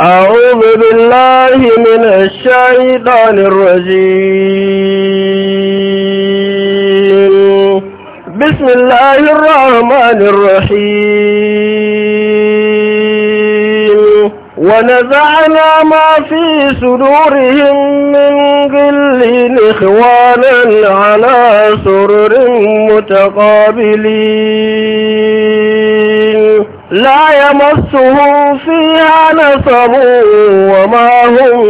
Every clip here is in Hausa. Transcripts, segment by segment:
أعوذ بالله من الشيطان الرجيم بسم الله الرحمن الرحيم ونزعنا ما في صدورهم من غل إخوانا على سرر متقابلين لا يمسه فيها نصب وما هم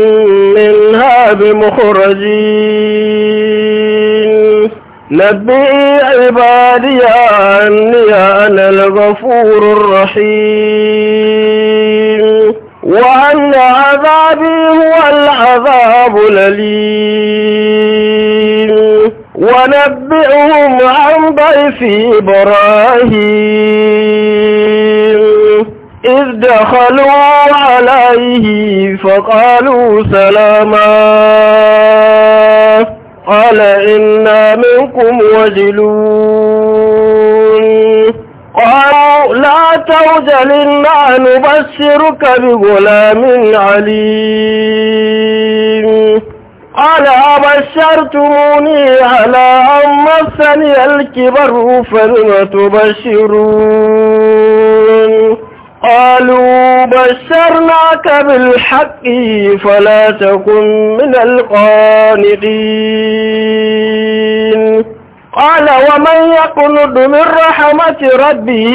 منها بمخرجين نبئي عبادي أني أنا الغفور الرحيم وأن عذابي هو العذاب الأليم ونبئهم عن ضيف إبراهيم إذ دخلوا عليه فقالوا سلاما قال إنا منكم وجلون قالوا لا توجل إنا نبشرك بغلام عليم قال أبشرتموني على أن مسني الكبر فلم تبشرون قالوا بشرناك بالحق فلا تكن من القانقين قال ومن يقلد من رحمة ربه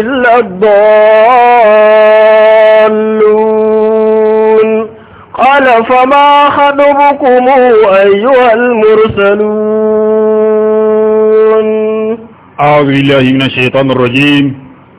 إلا الضالون قال فما خطبكم أيها المرسلون أعوذ بالله من الشيطان الرجيم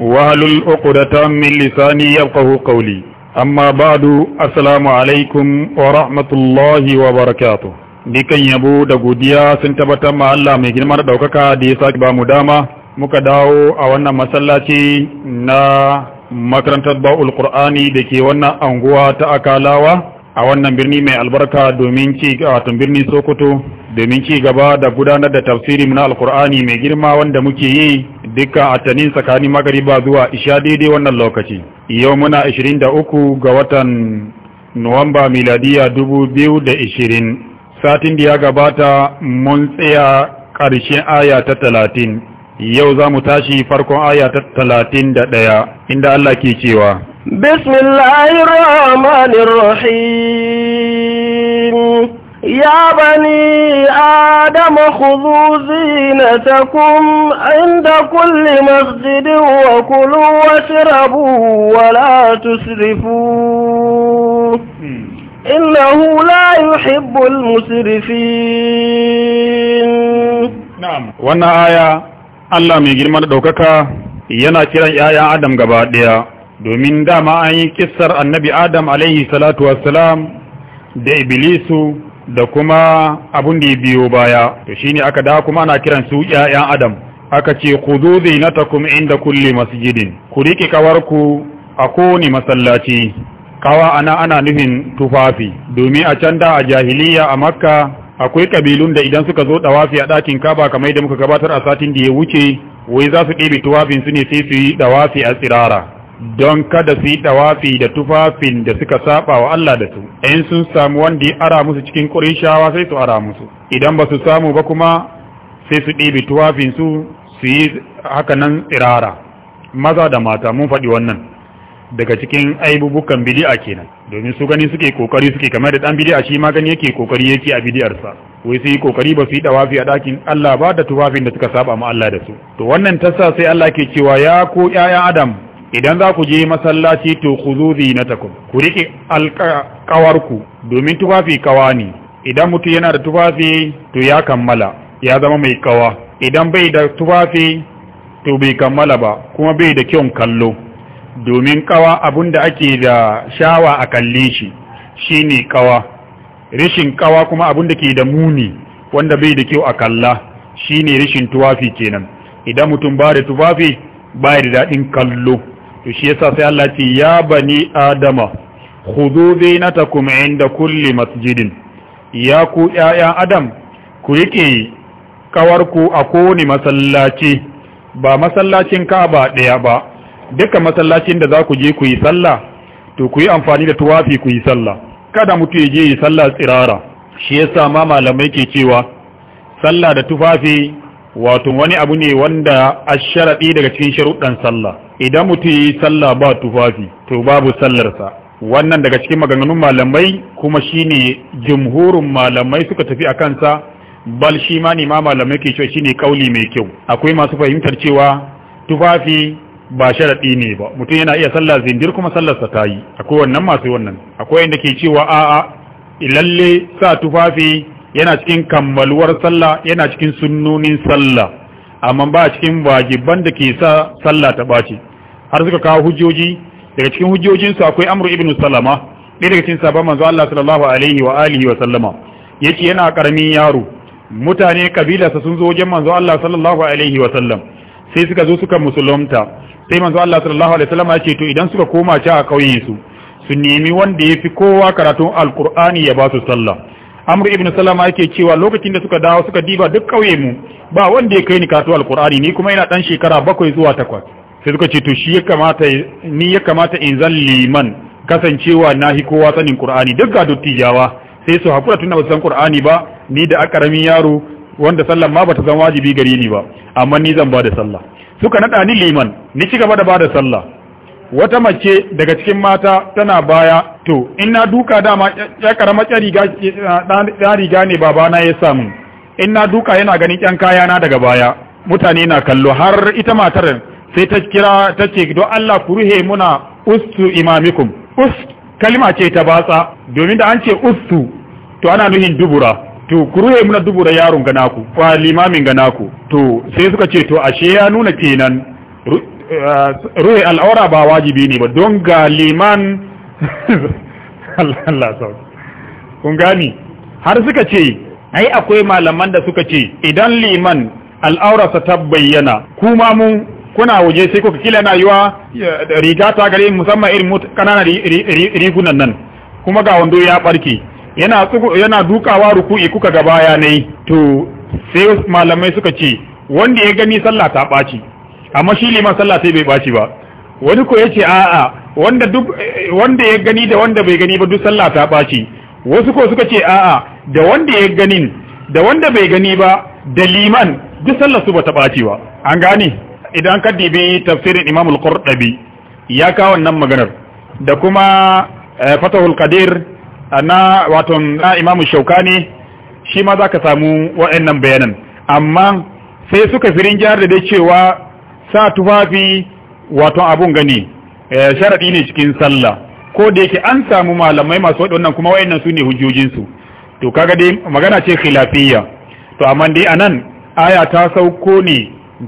wahalul uqdatan min lisani yafqahu qawli amma ba'du assalamu alaikum wa rahmatullahi wa barakatuh yabo da godiya sun tabbatar ma Allah mai girma da daukaka da ya saki ba mu dama muka dawo a wannan masallaci na makarantar ba'ul qur'ani da ke wannan anguwa ta akalawa a wannan birni mai albarka domin ci wato birni sokoto domin ci gaba da gudanar da tafsiri na alqur'ani mai girma wanda muke yi dukkan atanin tsakanin magariba zuwa isha daidai wannan lokaci yau muna 23 ga watan nuwamba miladiya 2020 satin da ya gabata mun tsaya ƙarshen aya ta 30 yau za mu tashi farkon aya ta 31 inda Allah ke cewa bismillahir يا بني آدم خذوا زينتكم عند كل مسجد وكلوا واشربوا ولا تسرفوا إنه لا يحب المسرفين نعم وانا آية الله من جرمان دوككا yana kiran ‘ya'yan Adam gaba ɗaya, domin dama an yi kissar annabi Adam alaihi salatu wassalam da Iblisu da kuma abun da ya biyo baya to shine aka da kuma ana kiran su ƴaƴan adam aka ce khudhu zinatakum inda kulli masjidin ku rike kawarku a kowane masallaci kawa ana ana nufin tufafi domin a can da a jahiliya a makka akwai kabilun da idan suka zo dawafi a ɗakin kaba kamar da muka gabatar a satin da ya wuce wai za su ɗebe tufafin su ne sai su yi dawafi a tsirara don kada su yi tawafi da tufafin da suka saba wa Allah da su in sun samu wanda ya ara musu cikin shawa sai su ara musu idan ba su samu ba kuma sai su ɗibi tufafin su su yi haka nan tsirara maza da mata mun faɗi wannan daga cikin aibubukan bili'a kenan domin su gani suke kokari suke kamar da dan bili'a shi ma gani yake kokari yake a bid'ar sa wai sai yi kokari ba su yi tawafi a dakin Allah ba da tufafin da suka saba ma Allah da su to wannan tasa sai Allah ke cewa ya ko ƴaƴan Adam idan za ku je masallaci to ku zo zinatakum ku rike alƙawarku domin tufafi kawa ne idan mutum yana da tufafi to ya kammala ya zama mai kawa idan bai da tufafi to bai kammala ba kuma bai da kyan kallo domin kawa abun da ake da shawa a kalle shi shine kawa rishin kawa kuma abun da ke da muni wanda bai da kyau a kalla shine rishin tufafi kenan idan mutum ba da tufafi ba da daɗin kallo to shi yasa sai Allah ce ya bani adama khudhu zinatakum inda kulli masjidin ya ku yaya adam ku rike ƙawarku a kowane masallaci ba masallacin Ka'aba ɗaya ba duka masallacin da za ku je ku yi sallah to ku yi amfani da tuwafi ku yi sallah kada mutu ya je yi sallah tsirara shi yasa ma malamai ke cewa sallah da tufafi wato wani abu ne wanda sharaɗi daga cikin sharuɗan sallah idan mutum yi sallah ba tufafi to babu sallarsa wannan daga cikin maganganun malamai kuma shine jumhurin malamai suka tafi a kansa bal shi ma ne ma malamai ke cewa shine kauli mai kyau akwai masu fahimtar cewa tufafi ba sharaɗi ne ba mutum yana iya sallah zindir kuma sallarsa ta yi akwai wannan masu wannan akwai inda ke cewa a'a lalle sa tufafi yana cikin kammaluwar sallah yana cikin sunnonin sallah amma ba cikin wajiban da ke sa sallah ta ɓaci har suka kawo hujjoji daga cikin hujjojinsu akwai amru ibnu salama ɗaya daga cikin sabon manzo Allah sallallahu alaihi wa alihi wa sallama yace yana karamin yaro mutane kabilarsa sun zo wajen manzo Allah sallallahu alaihi wa sallam sai suka zo suka musulunta sai manzo Allah sallallahu alaihi wa sallam ya ce to idan suka koma ta a kauyen su su nemi wanda ya fi kowa karatun alkur'ani ya ba su sallah amru ibnu salama yake cewa lokacin da suka dawo suka diba duk kauye mu ba wanda ya kai ni karatu alkur'ani ni kuma ina dan shekara bakwai zuwa takwas sai suka ce to shi ya kamata ni ya kamata in zan liman kasancewa nahi kowa sanin qur'ani duk ga dottijawa sai su hakura tunda ba san qur'ani ba ni da akaramin yaro wanda sallan ma bata zan wajibi gare ni ba amma ni zan da sallah suka nada ni liman ni ci gaba da bada sallah wata mace daga cikin mata tana baya to in na duka dama ya karama ya riga da riga ne babana ya samu in na duka yana ganin kyan na daga baya mutane na kallo har ita matar sai ta kira ta ce don Allah ku ruhe muna ustu imamikum us kalma ce ta batsa domin da an ce ustu to ana nuhin dubura to ku ruhe muna dubura yaron ga naku kwa limamin ga naku to sai suka ce to ashe ya nuna kenan eh, ruhe al'aura ba wajibi ne ba don ga liman Allah sau kun gani har suka ce ai akwai malaman da suka ce idan liman al'aurarsa ta bayyana kuma mu kuna waje sai kuka kila na yiwa riga ta gare musamman irin kananan rigunan nan kuma ga wando ya barke yana yana dukawa ruku'i kuka ga baya ne to sai malamai suka ce wanda ya gani sallah ta ɓaci amma shi liman sallah sai bai ɓaci ba wani ko yace a'a wanda duk wanda ya gani da wanda bai gani ba duk sallah ta ɓaci wasu ko suka ce a'a da wanda ya ganin da wanda bai gani ba da liman duk sallah su bata ɓaci ba an gane idan ka dibi tafsirin imam al-qurtubi ya kawo wannan maganar da kuma eh, fatahul qadir eh, na wato na imam shaukani shi ma zaka samu wa'annan bayanan amma sai suka firin jihar da dai cewa sa tufafi wato abun gani eh, sharadi ne cikin sallah ko da yake an samu malamai masu wannan kuma wayannan su ne hujjojinsu to kaga dai magana ce khilafiyya to amma dai anan aya ta sauko ne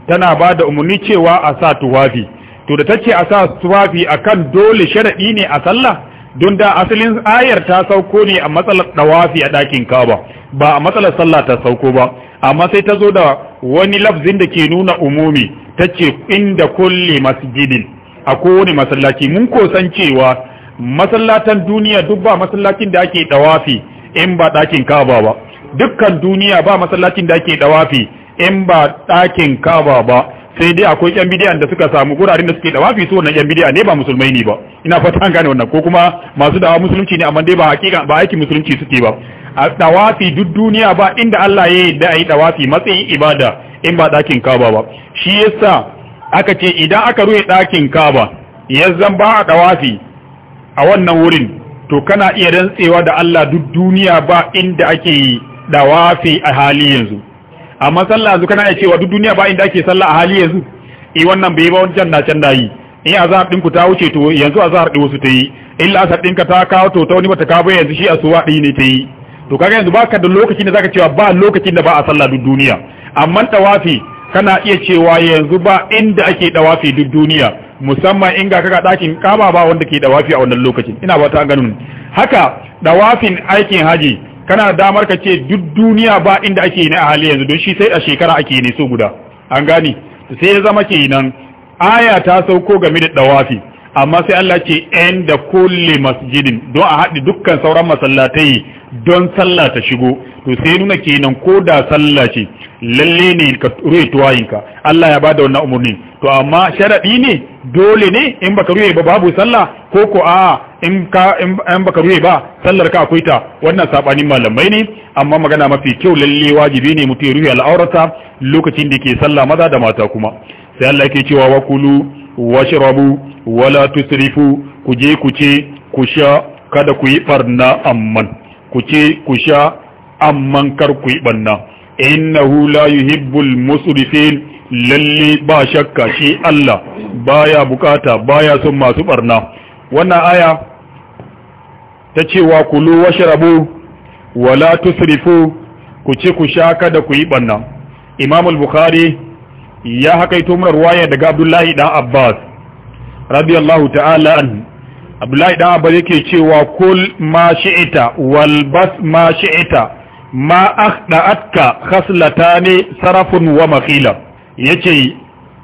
tana ba da umarni cewa a sa tuwafi to da tace a sa tuwafi akan dole sharadi ne a sallah don da asalin ayar ta sauko ne a matsalar dawafi a dakin kaba ba a matsalar sallah ta sauko ba amma sai ta zo da wani lafzin da ke nuna umumi ta ce inda kulle masjidin a kowane masallaci mun kosan cewa masallatan duniya duk ba masallacin da ake dawafi in ba dakin kaba ba dukkan duniya ba masallacin da ake dawafi in ba ɗakin kaba ba sai dai akwai yan bidiyan da suka samu guraren da suke da wafi su wannan yan bidiya ne ba musulmai ne ba ina fata an gane wannan ko kuma masu dawa musulunci ne amma dai ba hakika ba aiki musulunci suke ba a dawafi duk duniya ba inda Allah ya yi da yi dawafi matsayin ibada in ba ɗakin kaba ba shi yasa aka ce idan aka ruwe ɗakin kaba yanzan ba a dawafi a wannan wurin to kana iya rantsewa da Allah duk duniya ba inda ake dawafi a hali yanzu amma sallah yanzu kana cewa duk duniya ba inda ake sallah a hali yanzu eh wannan bai ba wani na can yi in azhar din ku ta wuce to yanzu azhar din wasu ta yi illa asar din ka ta kawo to ta wani bata kawo bai yanzu shi asuwa din ne ta yi to kaga yanzu baka da lokacin da zaka cewa ba lokacin da ba a sallah duk duniya amma tawafi kana iya cewa yanzu ba inda ake tawafi duk duniya musamman in ga kaga dakin kaba ba wanda ke tawafi a wannan lokacin ina ba ta ganin haka dawafin aikin haji kana damar ka ce duk duniya ba inda ake ne a hali yanzu don shi sai a shekara ake ne so guda an gane sai ya zama kenan aya ta sauko game da dawafi amma sai Allah ce en da masu masjidin don a haɗi dukkan sauran masallatai don sallah ta shigo to sai nuna kenan ko da sallah ce lalle ne ka ruye tuwayinka Allah ya ba da wannan umarni to amma sharaɗi ne dole ne in baka ruye ba babu sallah ko ko a in ka an baka ruwe ba sallar ka akwai ta wannan sabanin malamai ne amma magana mafi kyau lalle wajibi ne mutum ya ruwe al'aurata lokacin da ke sallah maza da mata kuma sai Allah yake cewa wa kulu washrabu wala tusrifu ku je ku ce ku sha kada ku yi barna amman ku ce ku sha amman kar ku yi barna innahu la yuhibbul musrifin lalle ba shakka shi Allah baya bukata baya son masu barna wannan aya ta ce cewa kulu washrabu wala tusrifu ku ci ku sha kada ku yi banna Imam al-Bukhari ya hakaito mun ruwaya daga Abdullahi dan Abbas radiyallahu ta'ala anhu Abdullahi dan Abbas yake cewa kul ma shi'ita wal bas ma shi'ita ma akhda'atka khaslatani sarafun wa makhila yace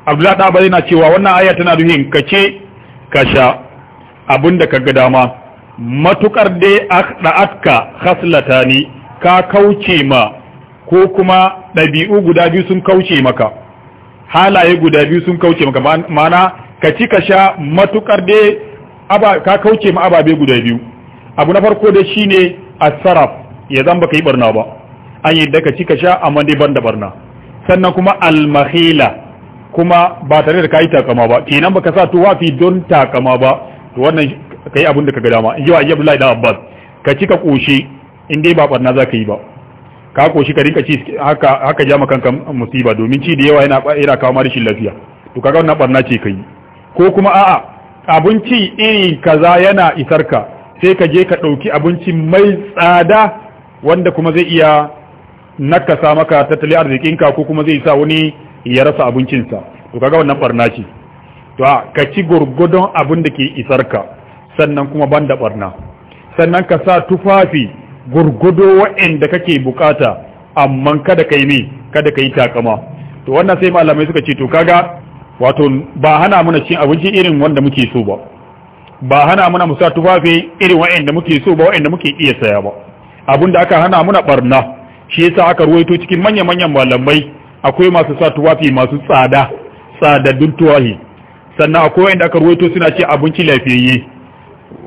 Abdullahi dan Abbas yana cewa wannan aya tana duhin kace ka sha abinda ga dama matukar dai da aka haslata ni ka kauce ma ko kuma ɗabi'u guda biyu sun kauce maka halaye guda biyu sun kauce maka mana ka ci ka sha matukar dai ka kauce ma ababe guda biyu abu na farko dai shine asaraf ya zan baka yi barna ba an yadda ka ci ka sha amma dai ban da barna sannan kuma almahila kuma ba tare da ka yi takama ba kenan baka sa tuwafi don takama ba wannan ka yi abin da ka ga dama in ji wa lai da abbas ka ci ka koshi in dai ba barna za ka yi ba ka koshi ka rinka ci haka haka ja maka musiba domin ci da yawa yana ira kawo ma rashin lafiya to kaga wannan barna ce kai ko kuma a'a abinci iri kaza yana isar ka sai ka je ka ɗauki abinci mai tsada wanda kuma zai iya nakasa maka arzikin arzikinka ko kuma zai sa wani ya rasa abincinsa to kaga wannan barna ce to ka ci gurgudun abin da ke isar ka sannan kuma banda barna sannan ka sa tufafi gurgudo wa'anda kake bukata amma kada kai kada kayi takama to wannan sai malamai suka ce to kaga wato ba hana muna cin abinci irin wanda muke so ba ba hana muna mu sa tufafi irin wa'anda muke so ba wa'anda muke iya saya ba abinda aka hana muna barna shi yasa aka ruwaito cikin manya-manyan malamai akwai masu sa tufafi masu tsada tsadaddun tuwahi sannan akwai wanda aka ruwaito suna ce abinci lafiyayye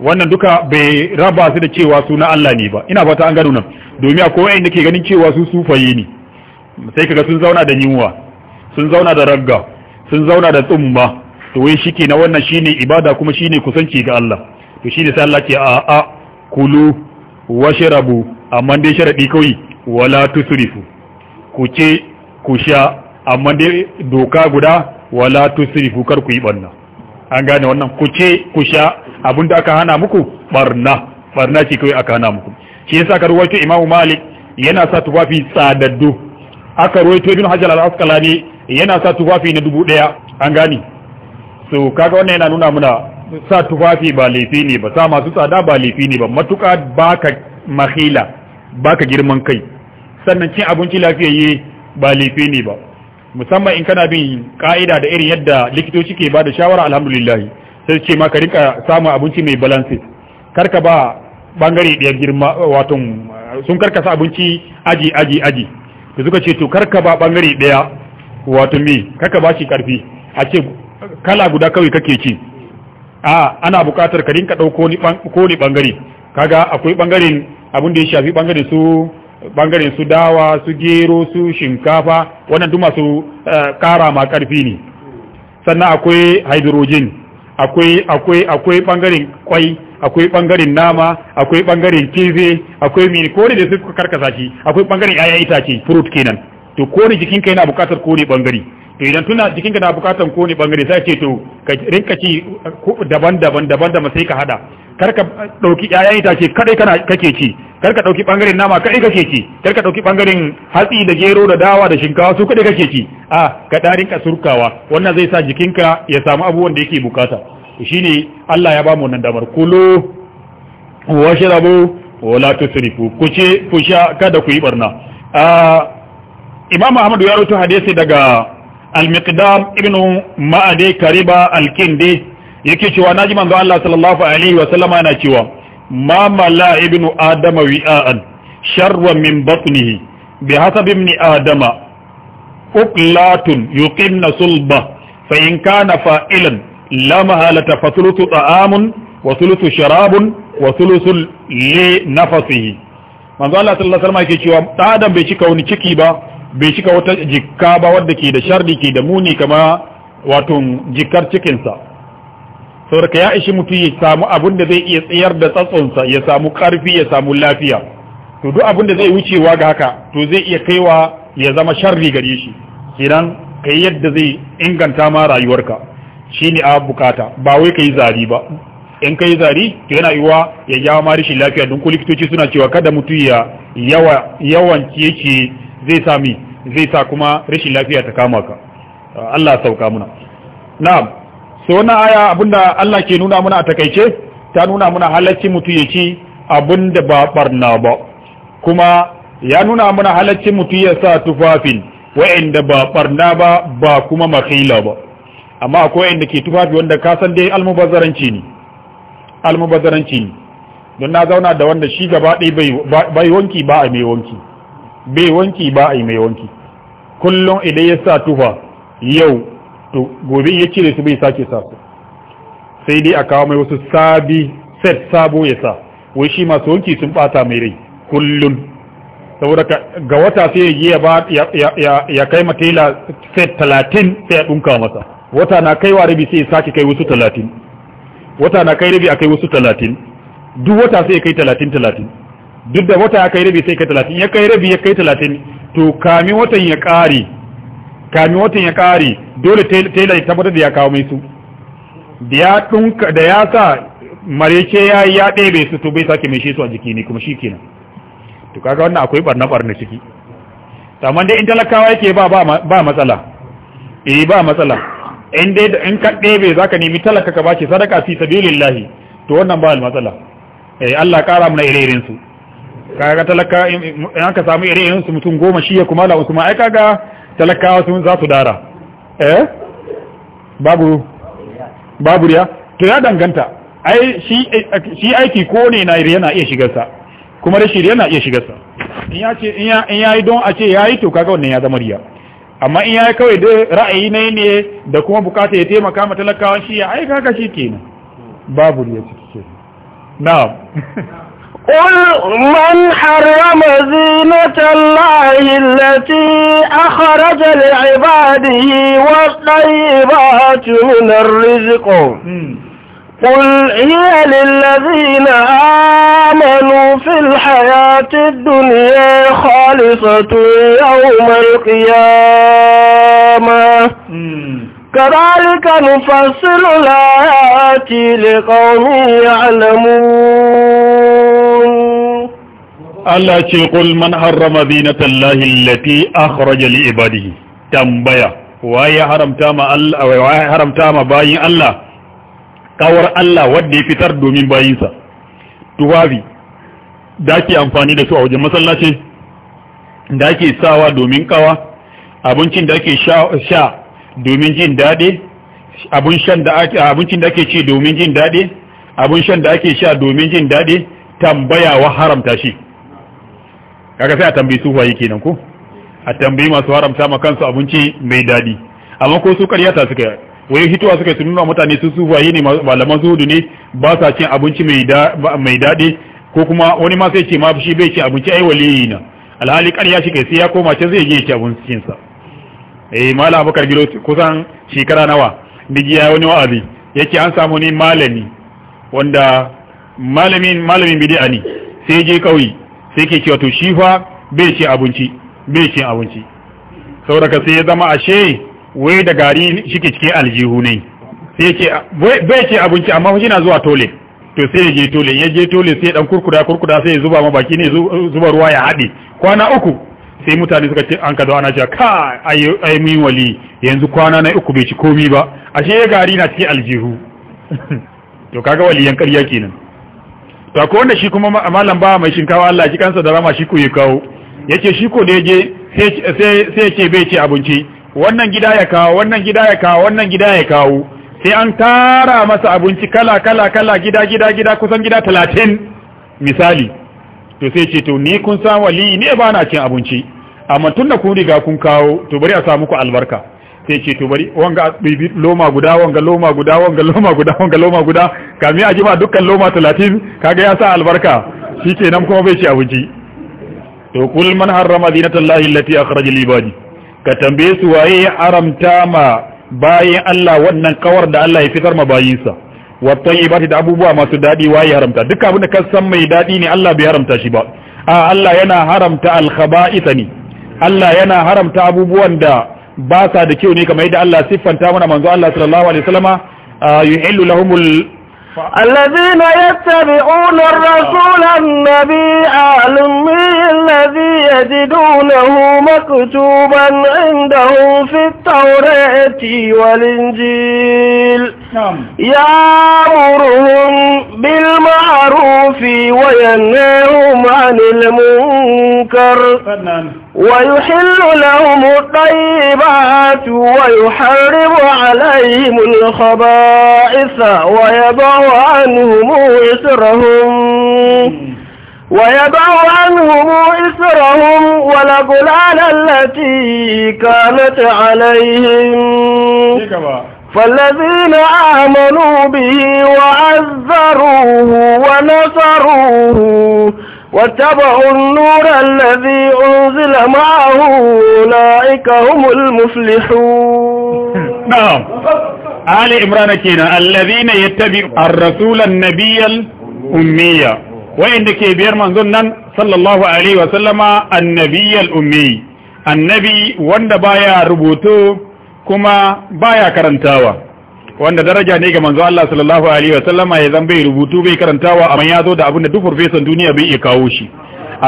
wannan duka bai raba su da cewa su na Allah ne ba ina fata an gano nan domin akwai wanda ke ganin cewa su sufaye ne sai kaga sun zauna da yunwa sun zauna da ragga sun zauna da tsumma to wai shike na wannan shine ibada kuma shine kusanci ga Allah to shine sai Allah ke a a kulu washrabu amma dai sharadi kawai wala tusrifu ku ce ku sha amma dai doka guda wala tusrifu kar ku yi banna an gane wannan ku ce ku sha abin da aka hana muku barna barna ce kawai aka hana muku shi yasa ka ruwaito imamu malik yana sa tufafi tsadaddu aka ruwaito ibn hajar al-asqalani yana sa tufafi na dubu daya an gani so kaga wannan yana nuna muna sa tufafi ba laifi ne ba sa masu tsada ba laifi ne ba matuka baka mahila baka girman kai sannan cin abinci lafiyayye ba laifi ne ba musamman in kana bin ka'ida da irin yadda likitoci ke ba da shawara alhamdulillah sai ce ma ka rika samun abinci mai balances karka ba bangare ɗaya girma wato sun karkasa abinci aji aji aji da suka ce to karka ba bangare ɗaya wato me karka ba shi karfi a ce kala guda kawai kake ci a ana buƙatar ka rinka ɗauko ni bangare kaga akwai bangaren abin da ya shafi bangaren su bangaren su dawa su gero su shinkafa wannan duk masu kara eh, ma karfi ne sannan akwai hydrogen akwai akwai akwai bangaren kwai akwai bangaren nama akwai bangaren kize akwai mini kore da suka karkasa shi akwai bangaren yaya itace fruit kenan to kore kai yana bukatar kore bangare to idan tuna jikin ka na bukatar kore bangare sai ce to ka rinka ci daban-daban daban-daban sai ka hada karka ka dauki yayan itace kadai kana kake ci kar dauki bangaren nama kadai kake ci kar dauki bangaren hatsi da gero da dawa da shinkawa su kadai kake ci a ka darin ka surkawa wannan zai sa jikinka ya samu abubuwan da yake bukata shine Allah ya ba mu wannan damar kulo wa la tusrifu ku ce ku sha kada ku yi barna a Imam Ahmad ya rawaito hadisi daga Al-Miqdam ibn Ma'adi Kariba Al-Kindi yake cewa naji manzo Allah sallallahu alaihi wa sallama yana cewa ma mala ibnu adama wi'an sharra min batnihi bi hasabi ibn adama uqlatun yuqimna sulba fa in kana fa'ilan la mahalata ta'amun wa sharabun wa thuluthu li nafsihi manzo Allah sallallahu alaihi wa sallama yake cewa ta adam bai cika wani ciki ba bai cika wata jikka ba wadda ke da shardi ke da muni kama wato jikar cikinsa saboda ya ishi mutum ya samu abin da zai iya tsayar da tsatsonsa ya samu karfi ya samu lafiya to duk abin da zai wucewa ga haka to zai iya kaiwa ya zama sharri gare shi idan kai yadda zai inganta ma rayuwarka shine a bukata ba wai kai zari ba in kai zari to yana iwa ya jawo ma rashin lafiya don ko likitoci suna cewa kada mutum ya yawan ciye zai sami zai sa kuma rashin lafiya ta kama ka Allah sauka muna na'am so wannan aya abinda Allah ke nuna muna a takaice ta nuna muna halacci mutu ya ci da ba barna ba kuma ya nuna muna halacci mutu ya sa tufafin wa'inda ba barna ba ba kuma makila ba amma akwai wa'anda ke tufafi wanda ka san dai almubazzaranci ne almubazzaranci ne don na zauna da wanda shi gaba ɗaya bai wanki ba a mai wanki bai wanki ba a mai wanki kullum idan ya sa tufa yau to gobe ya cire su bai sake sa su sai dai a kawo mai wasu sabi set sabo ya sa wai shi masu wanki sun bata mai rai kullum saboda ga wata sai ya yi ya kai matela set talatin sai ya dunka masa wata na kaiwa rabi sai ya sake kai wasu talatin wata na kai rabi a kai wasu talatin duk wata sai ya kai talatin talatin duk da wata ya kai rabi sai kai talatin ya kai rabi ya kai talatin to kamin watan ya kare kami watan ya kare dole tela ya tabbatar da ya kawo mai su da ya dunka da ya sa mareke ya ya ɗebe su to bai sake mai shi su a jiki ne kuma shi kenan to kaga wannan akwai barna barna ciki amma dai in talakawa yake ba ba matsala eh ba matsala in dai in ka ɗebe zaka nemi talaka ka bace sadaka fi sabilillahi to wannan ba matsala eh Allah kara mana ire-iren su kaga talaka in aka samu ire-iren su mutum goma shi ya kuma la'usuma ai kaga talakawa sun za su dara eh babu babu riya to ya danganta ai shi aiki ko ne na yana iya shigar sa, kuma rashin yana iya shigar sa. in ya ce in ya in yi don a ce ya yi to kaga wannan ya zama riya amma in ya yi kawai da ra'ayi ne ne da kuma bukata ya taimaka ma talakawa shi ya kaga shi kenan babu riya ciki na'am قل من حرم زينة الله التي أخرج لعباده والطيبات من الرزق قل هي للذين آمنوا في الحياة الدنيا خالصة يوم القيامة كذلك نفصل الآيات لقوم يعلمون الله ce قل من حرم زينة الله التي أخرج لعباده تنبيه waye haramta ma Allah waye haramta ma bayin Allah kawar Allah wanda ya fitar domin bayinsa tuwabi da ke amfani da su a wajen masallaci da ke sawa domin kawa abincin da ke sha domin jin daɗi abincin da ake ci domin jin daɗe abin shan da ake sha domin jin daɗi tambaya wa haramta shi kaga sai a tambayi su waye kenan ko a tambayi masu haramta ma kansu abinci mai daɗi amma ko su ta suka waye hitowa suka su nuna mutane su su waye ne malaman zuhudu ne ba sa cin abinci mai daɗi ko kuma wani ma sai ce ma shi bai ci abinci ai waliyi na alhali karya shi kai sai ya koma can zai je ya ci abincinsa eh mala abubakar giro kusan shekara nawa digi ya wani wa'azi yake an samu ni malami wanda malamin malamin bid'a ne sai je kauyi sai ke cewa to shi fa bai ce abinci bai ce abinci sauraka sai ya zama ashe wai da gari shike cikin aljihu ne sai yake bai ce abinci amma shi na zuwa tole to sai ya je tole ya je tole sai dan kurkuda kurkuda sai ya zuba ma baki ne zuba ruwa ya hade kwana uku sai mutane suka ce an kado ana cewa ka ai mun wali yanzu kwana na uku bai ci komi ba ashe gari na cikin aljihu to kaga wali yan ƙarya kenan to akwai wanda shi kuma malam ba mai shinkawa Allah ji kansa da rama shi ko ya kawo yace shi ko da yaje sai sai ce bai ci abinci wannan gida ya kawo wannan gida ya kawo wannan gida ya kawo sai an tara masa abinci kala kala kala gida gida gida kusan gida 30 misali to sai ce to ni kun san wali ne ba na cin abinci amma da kun riga kun kawo to bari a samu ku albarka sai ce to bari wanga loma guda wanga loma guda wanga loma guda wanga loma guda mi a jima dukkan loma 30 kaga ya sa albarka Shi nan kuma bai ci abinci to kul man harrama zinatallahi allati li ibadi ka tambaye su waye haramta ma bayin Allah wannan kawar da Allah ya fitar ma bayinsa wa tayyibati da abubuwa masu dadi waye haramta duk abin da ka san mai dadi ne Allah bai haramta shi ba a Allah yana haramta al-khaba'itha ne Allah yana haramta abubuwan da ba sa da kyau ne kamar yadda Allah siffanta mana manzo Allah sallallahu alaihi wasallama yuhillu lahumul الذين يتبعون الرسول النبي الأمي الذي يجدونه مكتوبا عندهم في التوراة والإنجيل نعم يأمرهم بالمعروف وينهاهم عن المنكر ويحل لهم الطيبات ويحرم عليهم الخبائث ويضع عنهم إسرهم ويضع عنهم إسرهم والأغلال التي كانت عليهم فالذين آمنوا به وعذروه ونصروه واتبعوا النور الذي أنزل معه أولئك هم المفلحون نعم آل إمران كينا الذين يتبعوا الرسول النبي الأمية وإن كبير من ظنن صلى الله عليه وسلم النبي الأمي النبي وان ربوتو kuma baya karantawa wanda daraja ne ga manzo Allah sallallahu alaihi wa sallama ya zan bai rubutu bai karantawa amma ya zo da abin da duk farfesan duniya bai iya kawo shi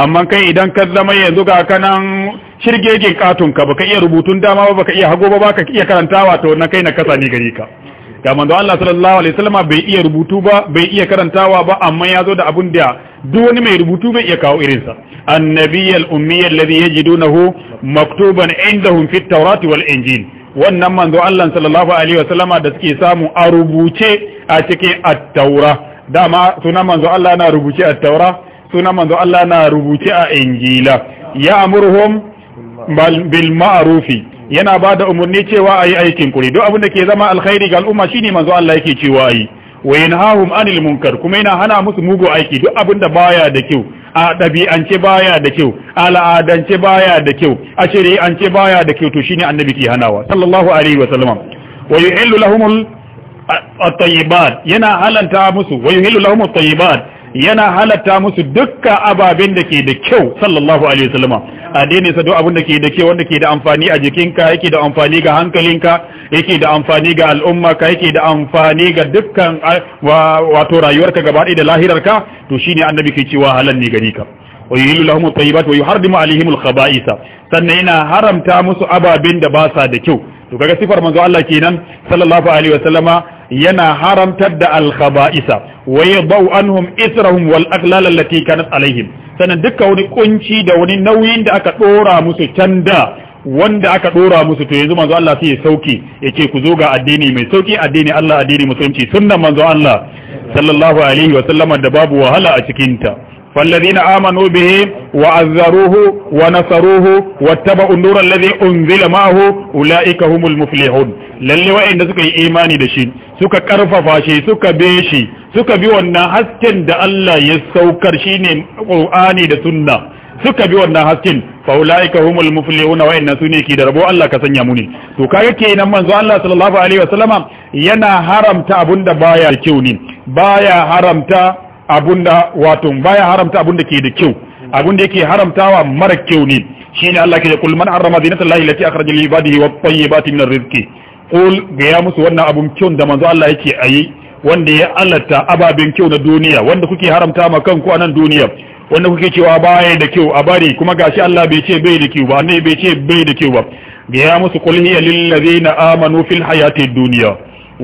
amma kai idan ka zama yanzu ga kanan shirgegen katun ka baka iya rubutun dama ba baka iya hago ba baka iya karantawa to na kai na kasa ni gare ka ga manzo Allah sallallahu alaihi wasallam bai iya rubutu ba bai iya karantawa ba amma ya zo da abun da duk wani mai rubutu bai iya kawo irin sa annabiyul ummi alladhi yajidunahu maktuban indahum fit tawrati wal injil wannan manzo Allah sallallahu alaihi wasallama da suke samu a rubuce a cikin at-taura dama sunan manzo Allah na rubuce a taura sunan manzo Allah na rubuce a injila ya amurhum bil ma'rufi yana bada umarni cewa yi aikin kuri duk abin da ke zama alkhairi ga al'umma shine manzo Allah yake cewa yi. wa yanhahum anil munkar kuma yana hana musu mugu aiki duk abin da baya da kyau a ɗabi'ance baya da kyau a al'adance baya da kyau a shari'ance baya da kyau to shine annabi ke hanawa sallallahu alaihi wa sallam wa yu'illu lahum at-tayyibat yana halanta musu wa yuhillu lahum at-tayyibat yana halatta musu dukkan ababen da ke da kyau sallallahu alaihi wasallam a daina sa duk abin da ke da kyau wanda ke da amfani a jikinka yake da amfani ga hankalinka yake da amfani ga al'umma ka yake da amfani ga dukkan wato rayuwarka gaba da lahirarka to shine annabi ke cewa halal ne gari ka wa yuhillu lahum at-tayyibat wa yuharrimu alaihim al-khaba'isa sannan yana haramta musu ababen da ba sa da kyau to kaga sifar manzo Allah kenan sallallahu alaihi wasallama yana haramtar da al-khaba'isa wa yadau anhum israhum wal aghlal allati kanat alaihim sanan dukkan wani kunci da wani nauyin da aka dora musu canda wanda aka dora musu to yanzu manzo Allah sai ya sauki yace ku zo ga addini mai sauki addini Allah addini musulunci sunnan manzo Allah sallallahu alaihi wasallama da babu wahala a cikinta فالذين آمنوا به وعذروه ونصروه واتبعوا النور الذي أنزل معه أولئك هم المفلحون lalle wa'anda suka yi imani da shi suka karfafa shi suka be shi suka bi wannan hasken da Allah ya saukar shine Qur'ani da Sunna suka bi wannan hasken fa ulaika humul muflihuna wa inna sunni ki da rabo Allah ka sanya mu ne to kaga kenan manzo Allah sallallahu yana haramta abunda baya da kyau ne baya haramta abunda wato baya haramta abunda ke da kyau hmm. abunda yake haramtawa mara kyau ne shine Allah ke da kul man harrama zinata Allah allati akhraja li ibadihi wat tayyibati min rizqi qul ga ya musu wannan abun kyau da manzo Allah yake ayi wanda ya alata ababen kyau na duniya wanda kuke haramta ma kanku a nan duniya wanda kuke cewa baya da kyau a bari kuma gashi Allah bai ce bai da kyau ba ne bai ce bai da kyau ba ga ya musu qul hiya lil ladina amanu fil hayati dunya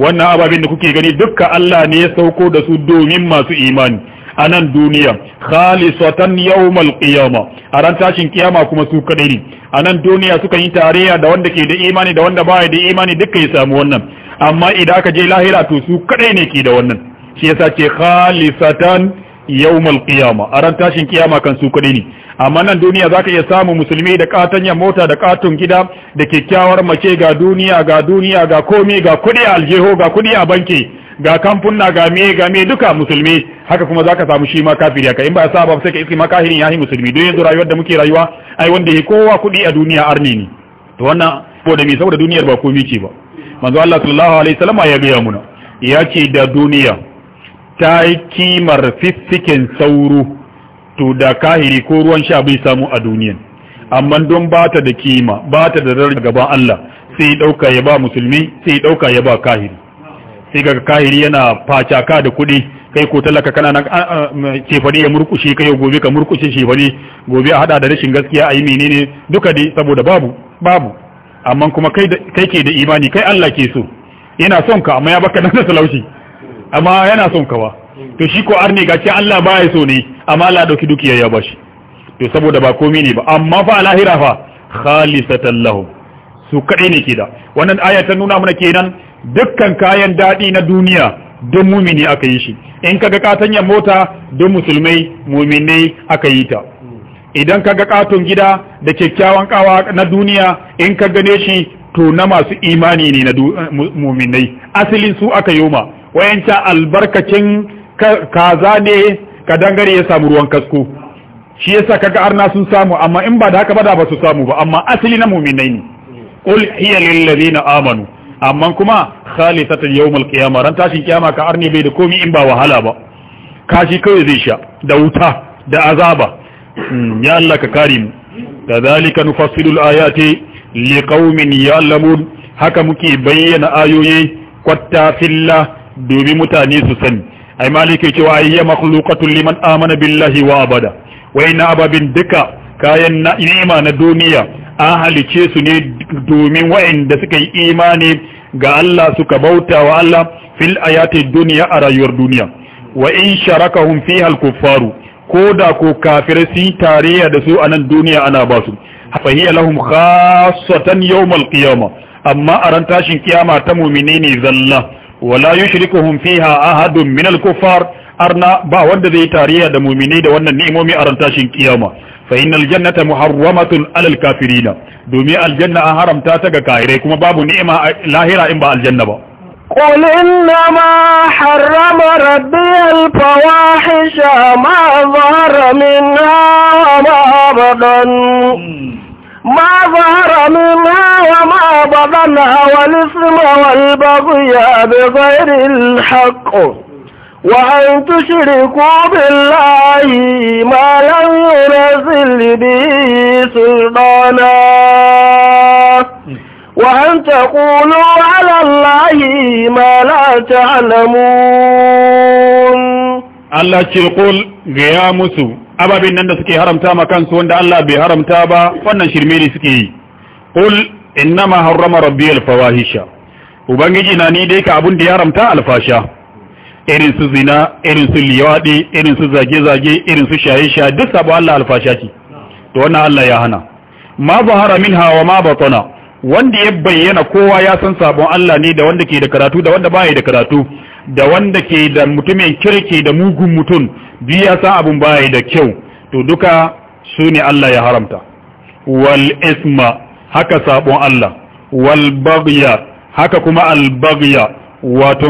wannan ababen da kuke gani dukka Allah ne ya sauko da su domin masu imani a nan duniya khalisatan yawmal qiyama a ran tashin kiyama kuma su kadai ne a nan duniya suka yi tarayya da wanda ke da imani da wanda baya da imani dukka ya samu wannan amma idan aka je lahira to su kadai ne ke da wannan shi yasa ce khalisatan yawmal qiyama a tashin kiyama kan su kuɗi ne amma nan duniya zaka iya samu musulmi da katanya mota da katon gida da kyakkyawar mace ga duniya ga duniya ga komi ga kudi a aljeho ga kudi a banki ga kamfuna ga me ga me duka musulmi haka kuma zaka samu shi ma kafiri haka in ba sa ba sai ka iski ma kafirin yahi musulmi don yanzu rayuwar da muke rayuwa ai wanda yake kowa kudi a duniya arni ne to wannan ko da me saboda duniyar ba komi ce ba manzo Allah sallallahu alaihi wasallam ya ga muna ya ce da duniya ta yi kimar fiffiken sauro to da kahiri ko ruwan sha bai samu a duniyan amma don ba ta da kima ba ta da daraja gaban Allah sai ɗauka ya ba musulmi sai ɗauka ya ba kahiri sai ga kahiri yana facaka da kuɗi kai ko talaka kana nan cefane ya murkushe kai gobe ka murkushe cefane gobe a hada da rashin gaskiya a yi menene duka dai saboda babu babu amma kuma kai ke da imani kai Allah ke so yana son ka amma ya baka nan da talauci amma yana son kawa to shi ko arne ga ce Allah ba ya so ne amma Allah dauki dukiya ya shi to saboda ba komai ne ba amma fa lahira fa khalisatan lahum su kadai ne ke da. wannan aya ta nuna mana kenan dukkan kayan daɗi na duniya don mumini aka yi shi in kaga katanya mota don musulmai muminai aka yi ta idan kaga katon gida da kyakkyawan kawa na duniya in ka gane shi to na masu imani ne na muminai asalin su aka yoma wayanta albarkacin kaza ne ka dangare ya samu ruwan kasko shi yasa kaga arna sun samu amma in ba da haka ba da ba su samu ba amma asali na mu'minai ne qul hiya lil ladina amanu amma kuma khalisatan yawmal qiyamah ran tashin kiyama ka arne bai da komi in ba wahala ba kashi kawai zai sha da wuta da azaba hmm, ya Allah ka kare mu Da zalika nufassilu al-ayati liqaumin ya'lamun haka muke bayyana ayoyi kwatta fillah domin mutane su sani ai malike cewa ayya makhluqatul liman amana billahi wa abada wa inna ababin duka kayan ima na duniya an halice su ne domin waɗanda suka yi imani ga Allah suka bauta wa Allah fil ayati duniya a rayuwar duniya wa in sharakahum fiha al-kuffaru ko da ko kafirai su tarayya da su a nan duniya ana ba su fa hiya lahum khassatan yawm al-qiyamah amma aran tashin kiyama ta mumine ne zalla wala yushrikuhum fiha ahadun min al-kuffar arna ba wanda zai tarayya da mu'mini da wannan ni'imomi a rantashin kiyama fa innal jannata muharramatun alal kafirina domin aljanna an haramta ta ga kafirai kuma babu ni'ima lahira in ba aljanna ba قل إنما حرم ربي الفواحش ما ظهر منها وما بدن ما ظهر منها والبغض والإثم والبغي بغير الحق وأن تشركوا بالله ما لم ينزل به سلطانا وأن تقولوا على الله ما لا تعلمون Allah ce kul gaya musu ababen nan da suke haramta ma kansu wanda Allah bai haramta ba wannan shirme ne suke yi kul innama harrama rabbi fawahisha ubangiji na ni dai ka abun da ya haramta alfasha irin su zina irin su liyadi irin su zage-zage irin su shaye-shaye duk sabo Allah alfasha ce to wannan Allah ya hana ma zahara minha wa ma batana wanda ya bayyana kowa ya san sabon Allah ne da wanda ke da karatu da wanda baya da karatu da wanda ke da mutumin kirki da mugun mutum duk ya san abun baya da kyau to duka sune Allah ya haramta wal isma haka sabon Allah wal haka kuma al baghya wato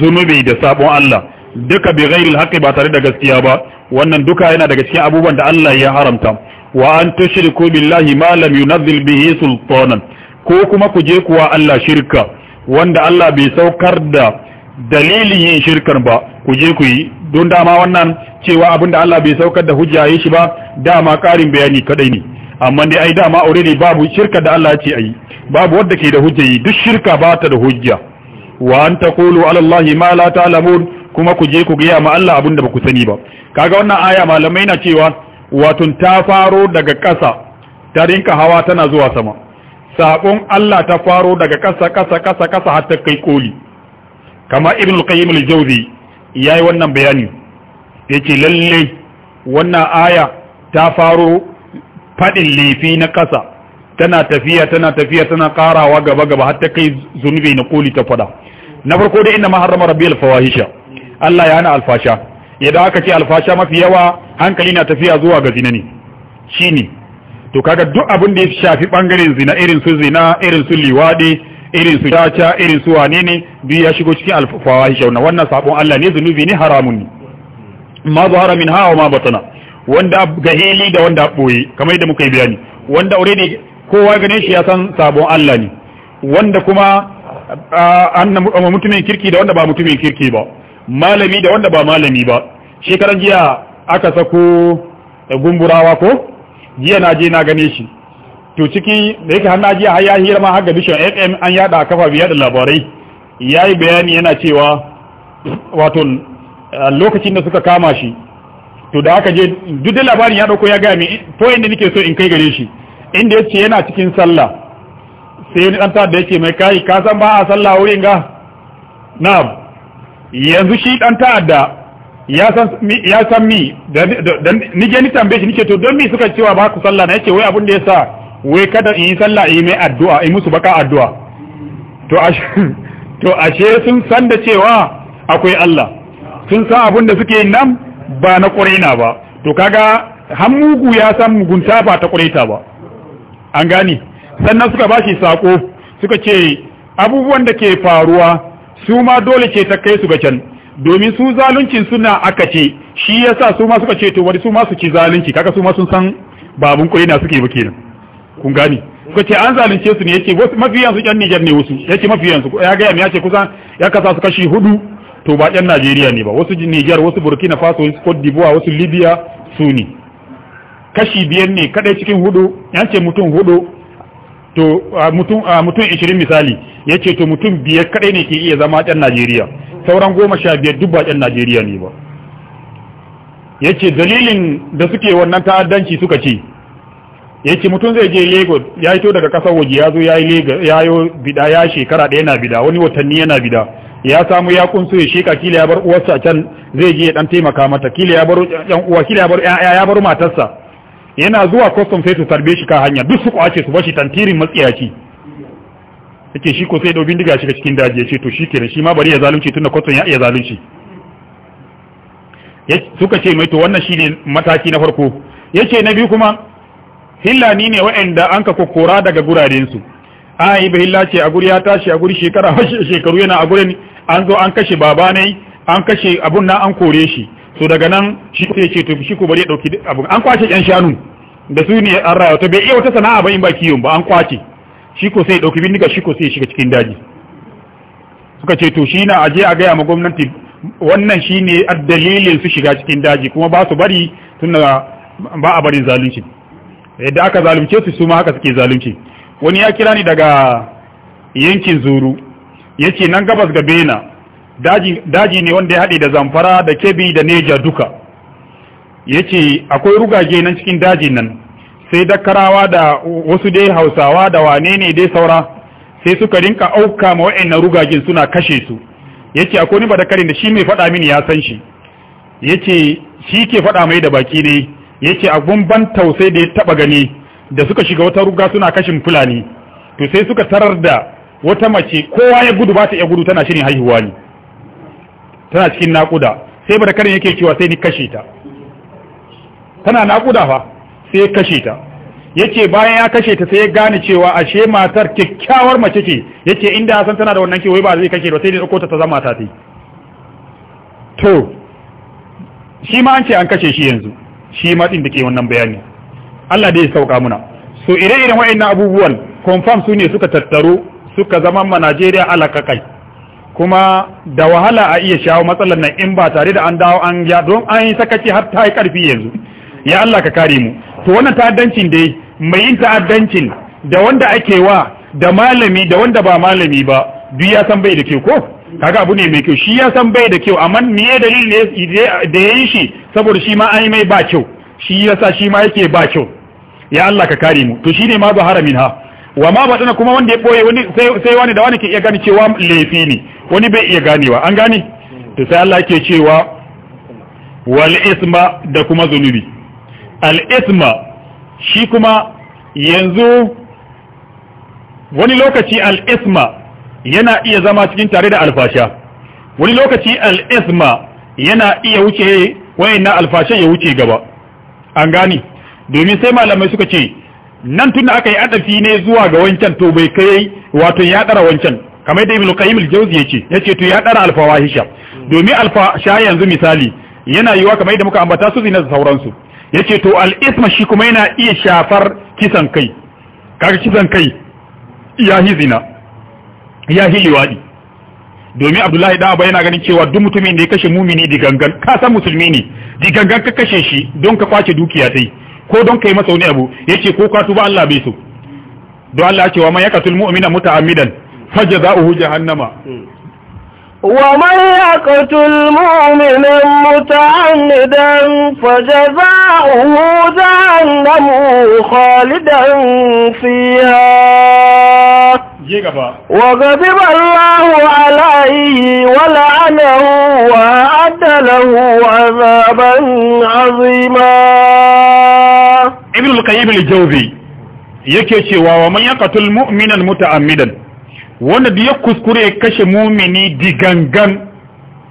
zunubi da sabon Allah duka bi ghairil ba tare da gaskiya ba wannan duka yana daga cikin abubuwan da Allah ya haramta wa an tushriku billahi ma lam yunzil bihi sultanan ko kuma ku je kuwa Allah shirka wanda Allah bai saukar da dalilin yin shirkar ba ku je ku yi don dama wannan cewa abinda Allah bai saukar da hujja yi shi ba dama karin bayani kadai ne amma dai ai dama already babu shirka da Allah ya ce ayi babu wanda ke da hujja duk shirka ba ta da hujja wa an taqulu ala allahi ma la ta'lamun kuma ku je ku ga ma Allah abinda ba ku sani ba kaga wannan aya malamai na cewa wato ta faro daga ƙasa ta rinka hawa tana zuwa sama sabon Allah ta faro daga ƙasa ƙasa ƙasa ƙasa har ta kai koli kama ibn al-qayyim al-jawzi yayi wannan bayani yace lalle wannan aya ta faro faɗin lefi na ƙasa tana tafiya tana tafiya tana ƙarawa gaba gaba har ta kai zunubi na koli ta faɗa na farko da inda maharrama rabbiyal fawahisha Allah ya hana alfasha yadda aka ce alfasha mafi yawa hankali na tafiya zuwa ga zina ne shine to kaga duk abin da ya shafi bangaren zina irin su zina irin su liwadi irin su caca irin su wane ne duk ya shigo cikin alfawahisha wannan sabon Allah ne zunubi ne haramun ne ma zuhara min hawa ma batana wanda gahili da wanda boye kamar yadda muka yi bayani wanda already kowa gane shi ya san sabon Allah ne wanda kuma an mutumin kirki da wanda ba mutumin kirki ba malami da wanda ba malami ba shekaran jiya aka sako gumburawa ko jiya na je na gane shi to ciki da yake har na jiya har ya hira ma har ga bishon FM an yada kafa biya da labarai yayi bayani yana cewa wato lokacin da suka kama shi to da aka je duk da labarin ya dauko ya ga mi to inda nake so in kai gare shi inda yace yana cikin sallah sai ni dan ta'adda yake mai kai ka san ba a sallah wurin ga na'am yanzu shi dan ta'adda ya san ya san mi da ni je ni tambaye shi nake to don mi suka cewa ba ku sallah na yace wai abun da yasa wai kada in yi sallah in mai addu'a in musu baka addu'a to ashe to ashe sun san da cewa akwai Allah sun san abun da suke yin nan ba na ƙurina ba to kaga har mugu ya san mugunta ba ta ƙureta ba an gane sannan suka bashi sako suka ce abubuwan da ke faruwa su ma dole ce ta kai su ga can domin su zaluncin suna aka ce shi yasa su ma suka ce to wani su ma su ci zalunci kaga su ma sun san babun ƙurina suke ba kenan kun gane suka ce an zalunce su ne yake mafiyan su ƴan Nijar ne wasu yake mafiyan su ya ne ya ce kusan ya kasa su kashi hudu to ba yan Najeriya ne ba wasu Niger wasu Burkina Faso wasu Cote d'Ivoire wasu Libya su ne kashi biyar ne kadai cikin hudu yance mutum hudu to mutum mutum 20 misali yace to mutum biyar kadai ne ke iya zama ɗan Najeriya sauran goma sha biyar duk ba ɗan Najeriya ne ba yace dalilin da suke wannan ta'addanci suka ce yace mutum zai je Lagos ya to daga kasar waje ya zo ya yi Lagos ya yi bida ya shekara ɗaya na bida wani watanni yana bida ya samu ya kunsu ya shika kila ya bar uwarsa can zai je ya dan taimaka mata kila ya bar yan uwa kila ya bar ya ya bar matarsa yana zuwa custom sai su tarbe shi ka hanya duk su kwace su bashi tantirin matsiyaci yake shi ko sai dobin bindiga shi cikin daji ya ce to shikenan shi ma bari ya zalunci tunda custom ya iya zalunci suka ce mai to wannan shine mataki na farko yace na biyu kuma hillani ne waɗanda an ka kokora daga gurarensu su an yi bahilla ce a guri ya tashi a guri shekara shekaru yana a gurin an zo an kashe baba ne an kashe abun nan an kore shi to daga nan shi ko ce to shi ko bari ya dauki abun an kwace yan shanu da su ne an rayuwa to bai iya wata sana'a ba in ba kiyon ba an kwace shi ko sai dauki bindiga shi ko sai shiga cikin daji suka ce to shi na aje a gaya ma gwamnati wannan shi ne dalilin su shiga cikin daji kuma ba su bari tun ba a barin zalunci yadda aka zalunce su su ma haka suke zalunci wani ya kira ni daga yankin zuru ya ce nan gabas ga bena daji ne wanda ya haɗe da zamfara da kebi da neja duka ya ce akwai rugage nan cikin daji nan sai dakarawa da wasu dai hausawa da wane ne dai saura sai suka rinka auka ma wa'annan rugagen suna kashe su ya ce akwai ni ba da karin da shi mai faɗa mini ya san shi ya ce shi ke faɗa mai da baki ne ya ce abun ban tausai da ya taɓa gani da suka shiga wata ruga suna kashin fulani to sai suka tarar da wata mace kowa ya gudu ba ta iya gudu tana shirin haihuwa ne tana cikin naƙuda sai bada karin yake cewa sai ni kashe ta tana naƙuda fa sai kashe ta yace bayan ya kashe ta sai ya gane cewa ashe matar kyakkyawar mace ce yace inda ya san tana da wannan kiwai ba zai kashe ba sai dai dauko ta ta zama ta tai to shi ma an ce an kashe shi yanzu shi ma din da ke wannan bayani Allah da ya sauka muna so ire-iren wa'annan abubuwan confirm su ne suka tattaro suka zama ma Najeriya alakakai kuma da wahala a iya shawo matsalar nan in ba tare da an dawo an ya don an yi sakaci har ta yi karfi yanzu ya Allah ka kare mu to wannan ta'addancin dai mai yin ta'addancin da wanda ake wa da malami da wanda ba malami ba duk ya san bai da kyau ko kaga abu ne mai kyau shi ya san bai da kyau amma me ne da ya yi shi saboda shi ma an yi mai ba kyau shi yasa shi ma yake ba kyau ya Allah ka kare mu to shine ma zahara minha wa ma batana kuma wanda ya boye wani sai wani da wani ke iya gani cewa laifi ne wani bai iya ganewa an gane to sai Allah ke cewa wal isma da kuma zunubi al isma shi kuma yanzu wani lokaci al isma yana iya zama cikin tare da alfasha wani lokaci al isma yana iya wuce wayannan alfashe ya wuce gaba an gani. domin sai malamai suka ce nan tunda aka yi adafi ne zuwa ga wancan to bai kai wato ya dara wancan kamar da ibnu qayyim al-jawzi yace yace to ya dara al-fawahisha domin alfa sha yanzu misali yana yiwa kamar da muka ambata su zina da sauransu yace to al ism shi kuma yana iya shafar kisan kai kaga kisan kai ya hizina ya hi domin abdullahi da abai yana ganin cewa duk mutumin da ya kashe mumini digangan ka san musulmi ne digangan ka kashe shi don ka kwace dukiya tai ko don kai masa wani abu yace ko ka tuba Allah bai so don Allah ya ce wa man yaqtul mu'mina muta'ammidan fajza'uhu jahannama ومن يقتل مؤمنا متعمدا فجزاؤه جهنم خالدا فيها wa gaba wa ghadiba Allahu alayhi wa la'anahu wa adalahu azima ibn al-qayyim al yake cewa wa man yaqtul mu'minan muta'ammidan wanda da ya kuskure kashe mumini digangan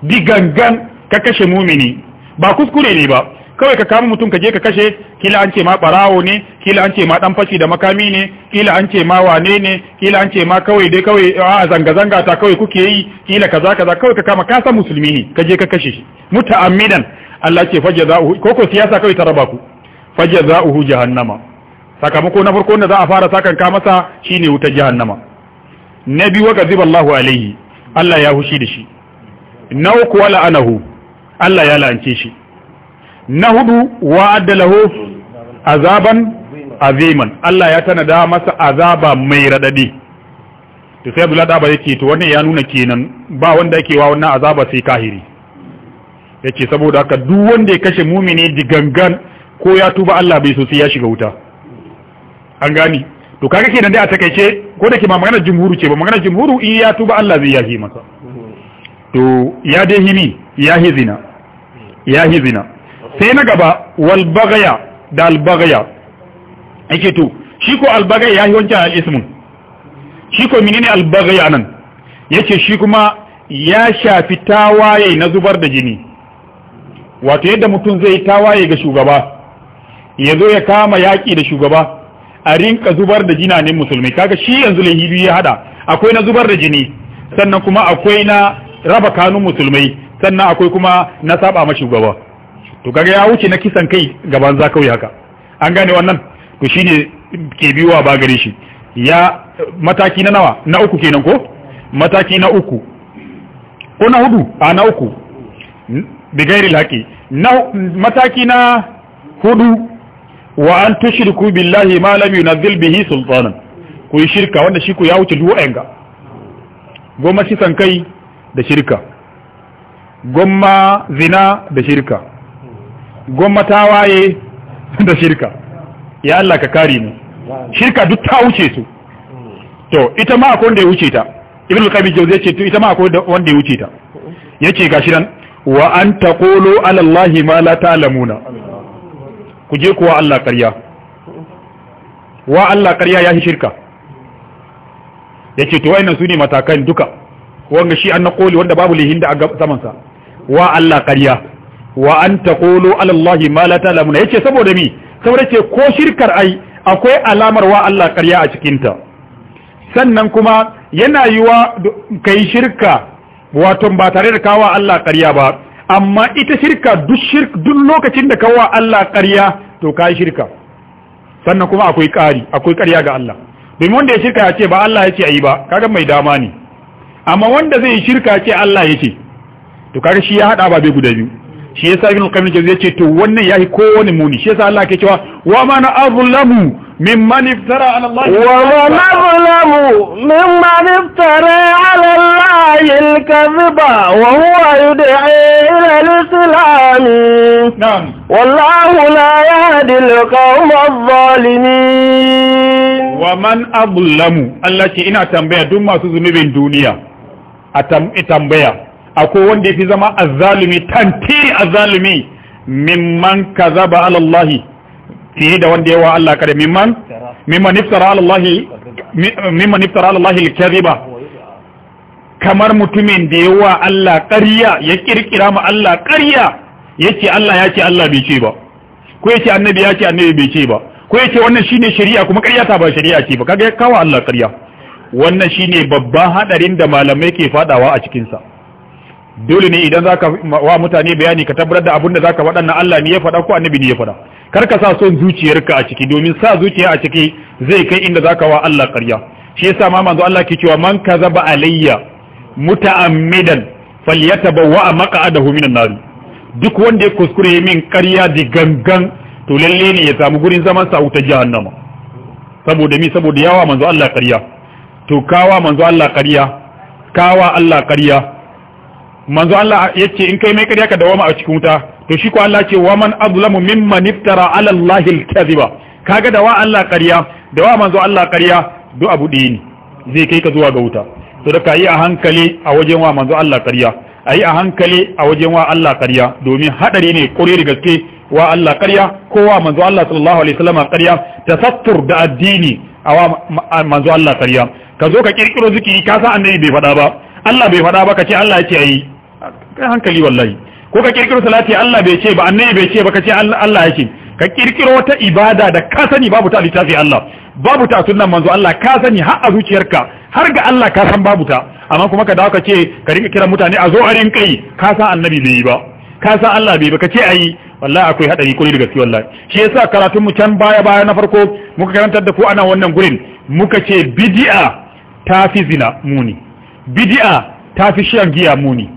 digangan ka kashe mumini ba kuskure ne ba kawai ka kama mutum ka je ka kashe kila an ce ma barawo ne kila an ce ma dan fashi da makami ne kila an ce ma wane ne kila an ce ma kawai dai kawai a zanga zanga ta kawai kuke yi kila kaza kaza kawai ka kama ka san musulmi ne ka je ka kashe shi muta'ammidan Allah ce fajaza'uhu ko ko siyasa kawai ta raba ku fajaza'uhu jahannama sakamako na farko da za a fara sakan ka masa shine wuta jahannama na wa gaziba Allahu alaihi Allah ya hushi da shi Nau kuwa wala anahu Allah ya la'ance shi na hudu wa lahu azaban aziman Allah ya tanada masa azaba mai radadi to sai abdullahi Daba yake to wannan ya nuna kenan ba wanda yake wa wannan azaba sai kahiri yake saboda haka duk wanda ya kashe mumini digangan ko ya tuba Allah bai so sai ya shiga wuta an gani to kaga kenan dai a takaice ko da ke ma maganar jumhuru ce ba maganar jumhuru in ya tuba Allah zai yahi masa to ya dai himi ya hizina ya hizina sai na gaba walbagaya da albagaya ake to shi ko albagaya ya yi wancan al’ismun shi ko menene ne bagaya nan yace shi kuma ya shafi tawaye na zubar da jini wato yadda mutum zai tawaye ga shugaba ya zo ya kama yaƙi da shugaba a rinka zubar da jina ne musulmi kaga shi yanzu lahibi ya hada akwai na zubar da jini sannan kuma akwai na raba kanun musulmai sannan akwai kuma na saba ma shugaba to kaga ya wuce na kisan kai gaban za kawai haka an gane wannan to shine ke biyu ba gare shi ya mataki na nawa na uku kenan ko mataki na uku ko na hudu a na uku bigairil haqi na mataki na hudu wa an tushriku billahi ma lam yunzil bihi sultanan ku shirka wanda shi ku ya wuce duwa yanga goma shi san kai da shirka goma zina da shirka goma waye da shirka ya Allah ka kare mu shirka duk ta wuce su to ita ma akwai wanda ya wuce ta ibn al-qayyim jawzi ce to ita ma akwai wanda ya wuce ta yace gashi nan wa an taqulu ala allahi ma la ta'lamuna ku je kuwa Allah ƙarya wa Allah ƙarya ya shirka yace to wayannan su ne matakan duka wanda shi an naquli wanda babu lihin da a sa. wa Allah ƙarya wa an ta kolo alallahi ma la lamuna yace saboda mi saboda ce ko shirkar ai akwai alamar wa Allah ƙarya a cikin ta sannan kuma yana yiwa kai shirka wato ba tare da kawo Allah karya ba amma ita shirka duk shirk duk lokacin da kawo Allah ƙarya to kai shirka sannan kuma akwai ƙari akwai ƙarya ga Allah domin wanda ya shirka ya ce ba Allah ya ce ayi ba kaga mai dama ne amma wanda zai shirka ya ce Allah ya ce to kaga shi ya hada ba bai guda biyu shi sa ibnul qayyim jazi ce to wannan yahi wani muni shi ya sa Allah ke cewa wa ma na azlamu mimman iftara ala Allah wa ma azlamu mimman iftara ala Allah al-kadhiba wa huwa yud'i ila al-islam na'am wallahu la yahdi al-qawm adh-dhalimin wa man azlamu Allah ce ina tambaya duk masu zunubin duniya a tambaya akwai wanda fi zama azzalumi tantiri azzalumi mimman kazaba ala Allah fiye da wanda yawa Allah kada mimman mimman iftara ala Allah mimman iftara ala Allah al kamar mutumin da yawa Allah ƙarya ya kirkira ma Allah ƙarya yace Allah ya ce Allah bai ce ba ko yace annabi ya ce annabi bai ce ba ko yace wannan shine shari'a kuma ƙarya ta ba shari'a ce ba kaga ya kawo Allah ƙarya wannan shine babban hadarin da malamai ke fadawa a cikin sa dole ne idan zaka wa mutane bayani ka tabbatar da abin da zaka faɗa na Allah ne ya faɗa ko annabi ne ya faɗa kar ka sa son zuciyarka a ciki domin sa zuciya a ciki zai kai inda zaka wa Allah ƙarya shi yasa ma manzo Allah ke cewa man kazaba alayya muta'ammidan falyatabawa maq'adahu minan nar duk wanda ya kuskure min ƙarya da gangan to lalle ne ya samu gurin zaman sa wuta jahannama saboda mi saboda yawa manzo Allah ƙarya to kawa manzo Allah ƙarya kawa Allah ƙarya manzo Allah yace in kai mai ƙarya ka dawama a cikin wuta to shi ko Allah ce wa man azlamu mimman iftara ala Allah al-kadhiba kaga dawa Allah ƙarya dawa manzo Allah ƙarya do abu ɗaya ne zai kai ka zuwa ga wuta to da ka yi a hankali a wajen wa manzo Allah ƙarya a yi a hankali a wajen wa Allah ƙarya domin haɗari ne ƙure da gaske wa Allah ƙarya ko wa manzo Allah sallallahu alaihi wasallam ƙarya tasattur da addini a wa manzo Allah ƙarya ka zo ka kirkiro zikiri ka san annabi bai faɗa ba Allah bai faɗa ba ka ce Allah yake yi kai hankali wallahi ko ka kirkiro salati Allah bai ce ba annabi bai ce ba ka ce Allah ya ce ka kirkiro wata ibada da ka sani babu ta littafi Allah babu ta sunnan manzo Allah ka sani har a zuciyarka har ga Allah ka san babu ta amma kuma ka dawo ka ce ka rinka kira mutane a zo a rin kai ka san annabi bai yi ba ka san Allah bai ba ka ce ayi wallahi akwai hadari kuri daga gaske wallahi shi yasa karatun mu can baya baya na farko muka karantar da ku ana wannan gurin muka ce bid'a tafi zina muni bid'a tafi shan giya muni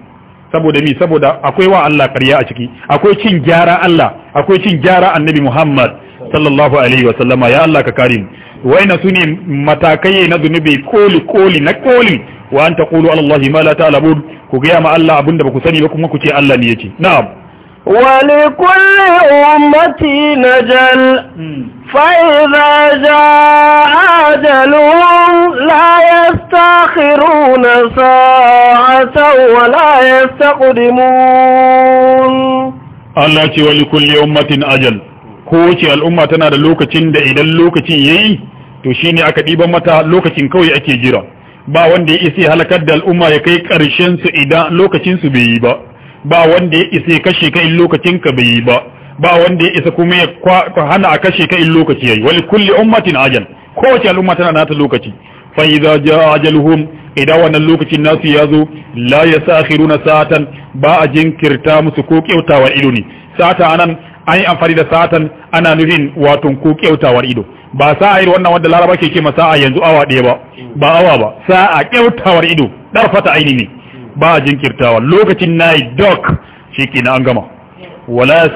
saboda mi saboda akwai wa Allah ƙarya a ciki akwai cin gyara Allah akwai cin gyara annabi Muhammad sallallahu alaihi wa sallama ya Allah ka kare mu waina sune matakai na zunubi koli koli na koli wa an taqulu ala Allah ma la ta'lamun ku ga ma Allah abinda ba ku sani ba kuma ku ce Allah ne yake na'am na أمة نجل فإذا جاء أجلهم لا يستأخرون ساعة ولا يستقدمون Allah ce wa likulli ummatin ajal kowace al'umma tana da lokacin da idan lokacin yayi to shine aka ɗiba mata lokacin kawai ake jira ba wanda ya isa halakar da al'umma ya kai ƙarshen su idan lokacin su bai yi ba ba wanda ya isa ya kashe ka in lokacin ka bai yi ba ba wanda ya isa kuma ya hana a kashe ka in lokaci yayi wal kulli ummatin ajal kowace al'umma tana nata lokaci fa idza jaa ajaluhum idan wannan lokacin nasu ya zo la yasakhiruna sa'atan ba a jinkirta musu ko kyautawa ido ne sa'ata anan an yi amfani da sa'atan ana nufin wato ko kyautawa ido ba sa'a irin wannan wanda laraba ke ma sa'a yanzu awa ɗaya ba ba awa ba sa'a kyautawar ido darfata aini ne ba a jinkirtawa lokacin na yi dok na an gama wala ya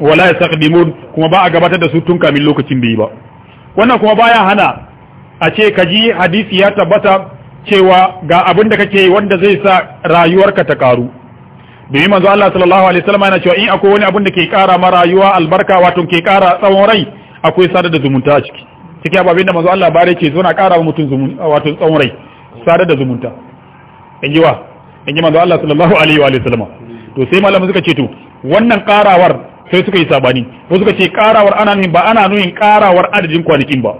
wala yasakhirun kuma ba a gabatar da su tun kamin lokacin da yi ba wannan kuma baya hana a ce kaji hadisi ya tabbata cewa ga abin da kake wanda zai sa rayuwarka ta karu domin manzo Allah sallallahu alaihi wasallam yana cewa in akwai wani abin da ke kara ma rayuwa albarka wato ke kara tsawon rai akwai sadar da zumunta a ciki cikin ababin da manzo Allah bare ke zo na kara wa mutum wato tsawon rai sadar da zumunta in ji wa in ji manzo Allah sallallahu alaihi wa sallama to sai malamin suka ce to wannan karawar sai suka yi sabani ko suka ce karawar ana nuni ba ana nuni karawar adadin kwanakin ba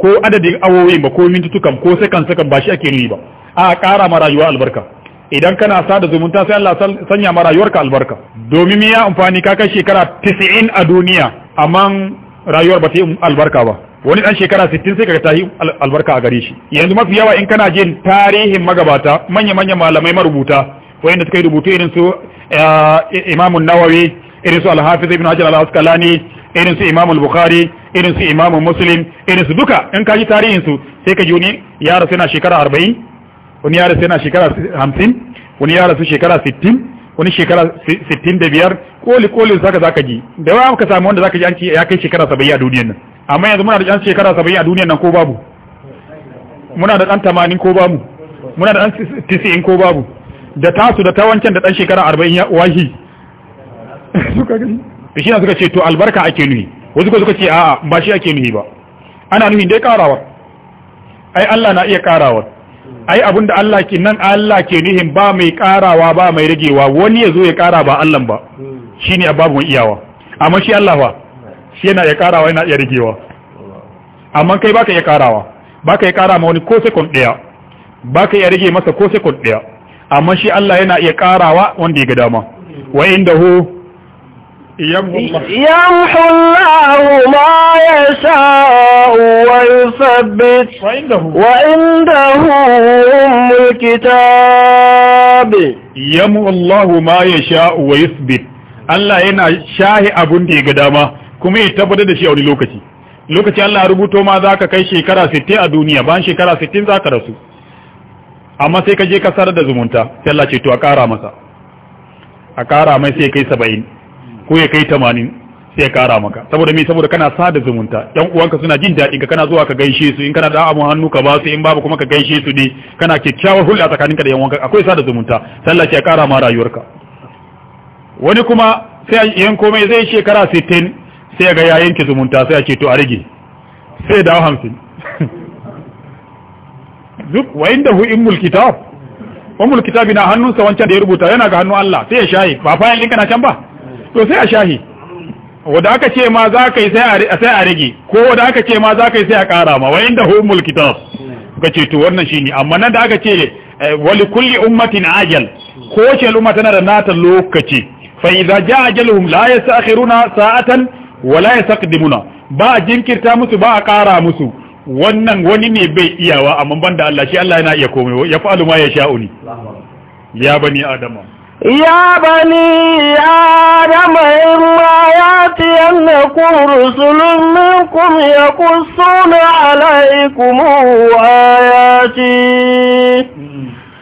ko adadin awoyin ba ko mintutukan ko sakan sakan ba shi ake nuni ba a kara ma rayuwa albarka idan kana da zumunta sai Allah sanya ma rayuwarka albarka domin me ya amfani ka kai shekara 90 a duniya amma rayuwar ba ta yi albarka ba wani dan shekara 60 sai kaga tahi albarka a gare shi yanzu mafi yawa in kana jin tarihin magabata manya manya malamai marubuta wayanda suka yi rubutu irin su eh, Imam Nawawi irin su Al-Hafiz Ibn Hajar Al-Asqalani irin su Imam Al-Bukhari irin su Imam Muslim irin su duka in ka ji tarihin su sai ka ji wani ya rasu yana shekara 40 wani ya rasu yana shekara 50 wani ya rasu shekara 60 wani shekara 65 koli kolin saka zaka ji da yawa ka samu wanda zaka ji an ce ya kai shekara 70 a duniyar nan amma yanzu muna da ɗan shekara saba'in a duniyan nan ko babu muna da ɗan tamanin ko babu muna da ɗan tisi'in ko babu da tasu da ta wancan da ɗan shekara arba'in ya wahi suka shi na suka ce to albarka ake nuhi wasu suka ce a'a ba shi ake nuhi ba ana nuhi dai karawa ai Allah na iya karawa ai abinda Allah ke nan Allah ke nuhin ba mai karawa ba mai ragewa wani ya zo ya kara ba Allah ba shine ababun iyawa amma shi Allah fa shi yana ya karawa yana iya rigewa amma kai baka iya karawa baka iya kara ma wani ko second daya baka iya rige masa ko second daya amma shi Allah yana iya karawa wanda ya ga dama wa ma yasha wa yuthabbit wa inda hu وعنده kitab yamhu يمحو ma yasha wa yuthbit Allah yana shahi abun da ya ga dama kuma ya tabbatar da shi a wani lokaci lokaci Allah ya rubuto ma za ka kai shekara 60 a duniya bayan shekara 60 za ka rasu amma sai ka je ka sarar da zumunta sai Allah ce to a ƙara masa a ƙara mai sai kai 70 ko ya kai 80 sai ya ƙara maka saboda me saboda kana da zumunta ɗan uwanka suna jin daɗi ka kana zuwa ka gaishe su in kana da amu hannu ka ba su in babu kuma ka gaishe su ne kana kyakkyawar hulɗa tsakaninka da yan uwanka akwai da zumunta sai Allah ce a ƙara ma rayuwarka wani kuma sai yan komai zai shekara 60 sai ga ya yanke zumunta sai a ce to a rage sai dawo hamsin duk wa da hu immul kitab mulkitabi na hannunsa wancan da ya rubuta yana ga hannun Allah sai ya shahi ba fayan linka na can ba to sai a shahi wanda aka ce ma za ka yi sai a rage ko wanda aka ce ma za ka yi sai a kara ma wa da hu ummul kitab ce to wannan shine amma nan da aka ce eh, wali kulli ummatin ajal ko ce al'umma tana da nata lokaci fa idza jaa ajaluhum la yasakhiruna sa'atan wala ya dimuna. ba a jinkirta musu ba a ƙara musu wannan wani ne bai iyawa amma banda Allah shi Allah yana iya komai ya fa'alu ma ya sha'u ni ya bani adama ya bani adama imma yati annakum rusulun minkum yaqussuna ya ayati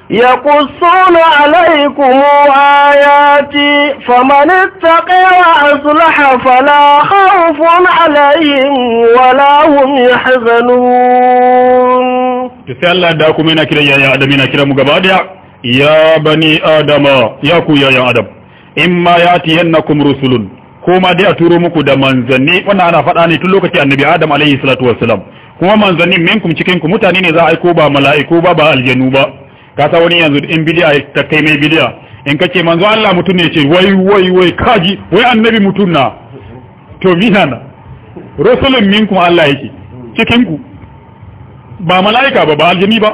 ya kusuru alaikumu ayati famani taƙewa a zulaha fala haifun alayin wala hun ya hazanun tufi Allah da kuma yana kiran yayan adam yana kira mu gaba daya ya bani adama ya ku yayan adam in ma ya ti yanna kuma rusulun kuma dai a turo muku da manzanni wannan ana faɗa ne tun lokacin annabi adam alaihi salatu wasalam kuma manzanni minkum cikin ku mutane ne za a aiko ba mala'iku ba ba aljanu ba ka sa wani yanzu in bidiya ta kai mai bidiya in kace manzo Allah mutum ne ce wai wai wai kaji wai annabi mutum na to mina na rasulun minkum Allah yake cikin ku ba mala'ika ba ba aljini ba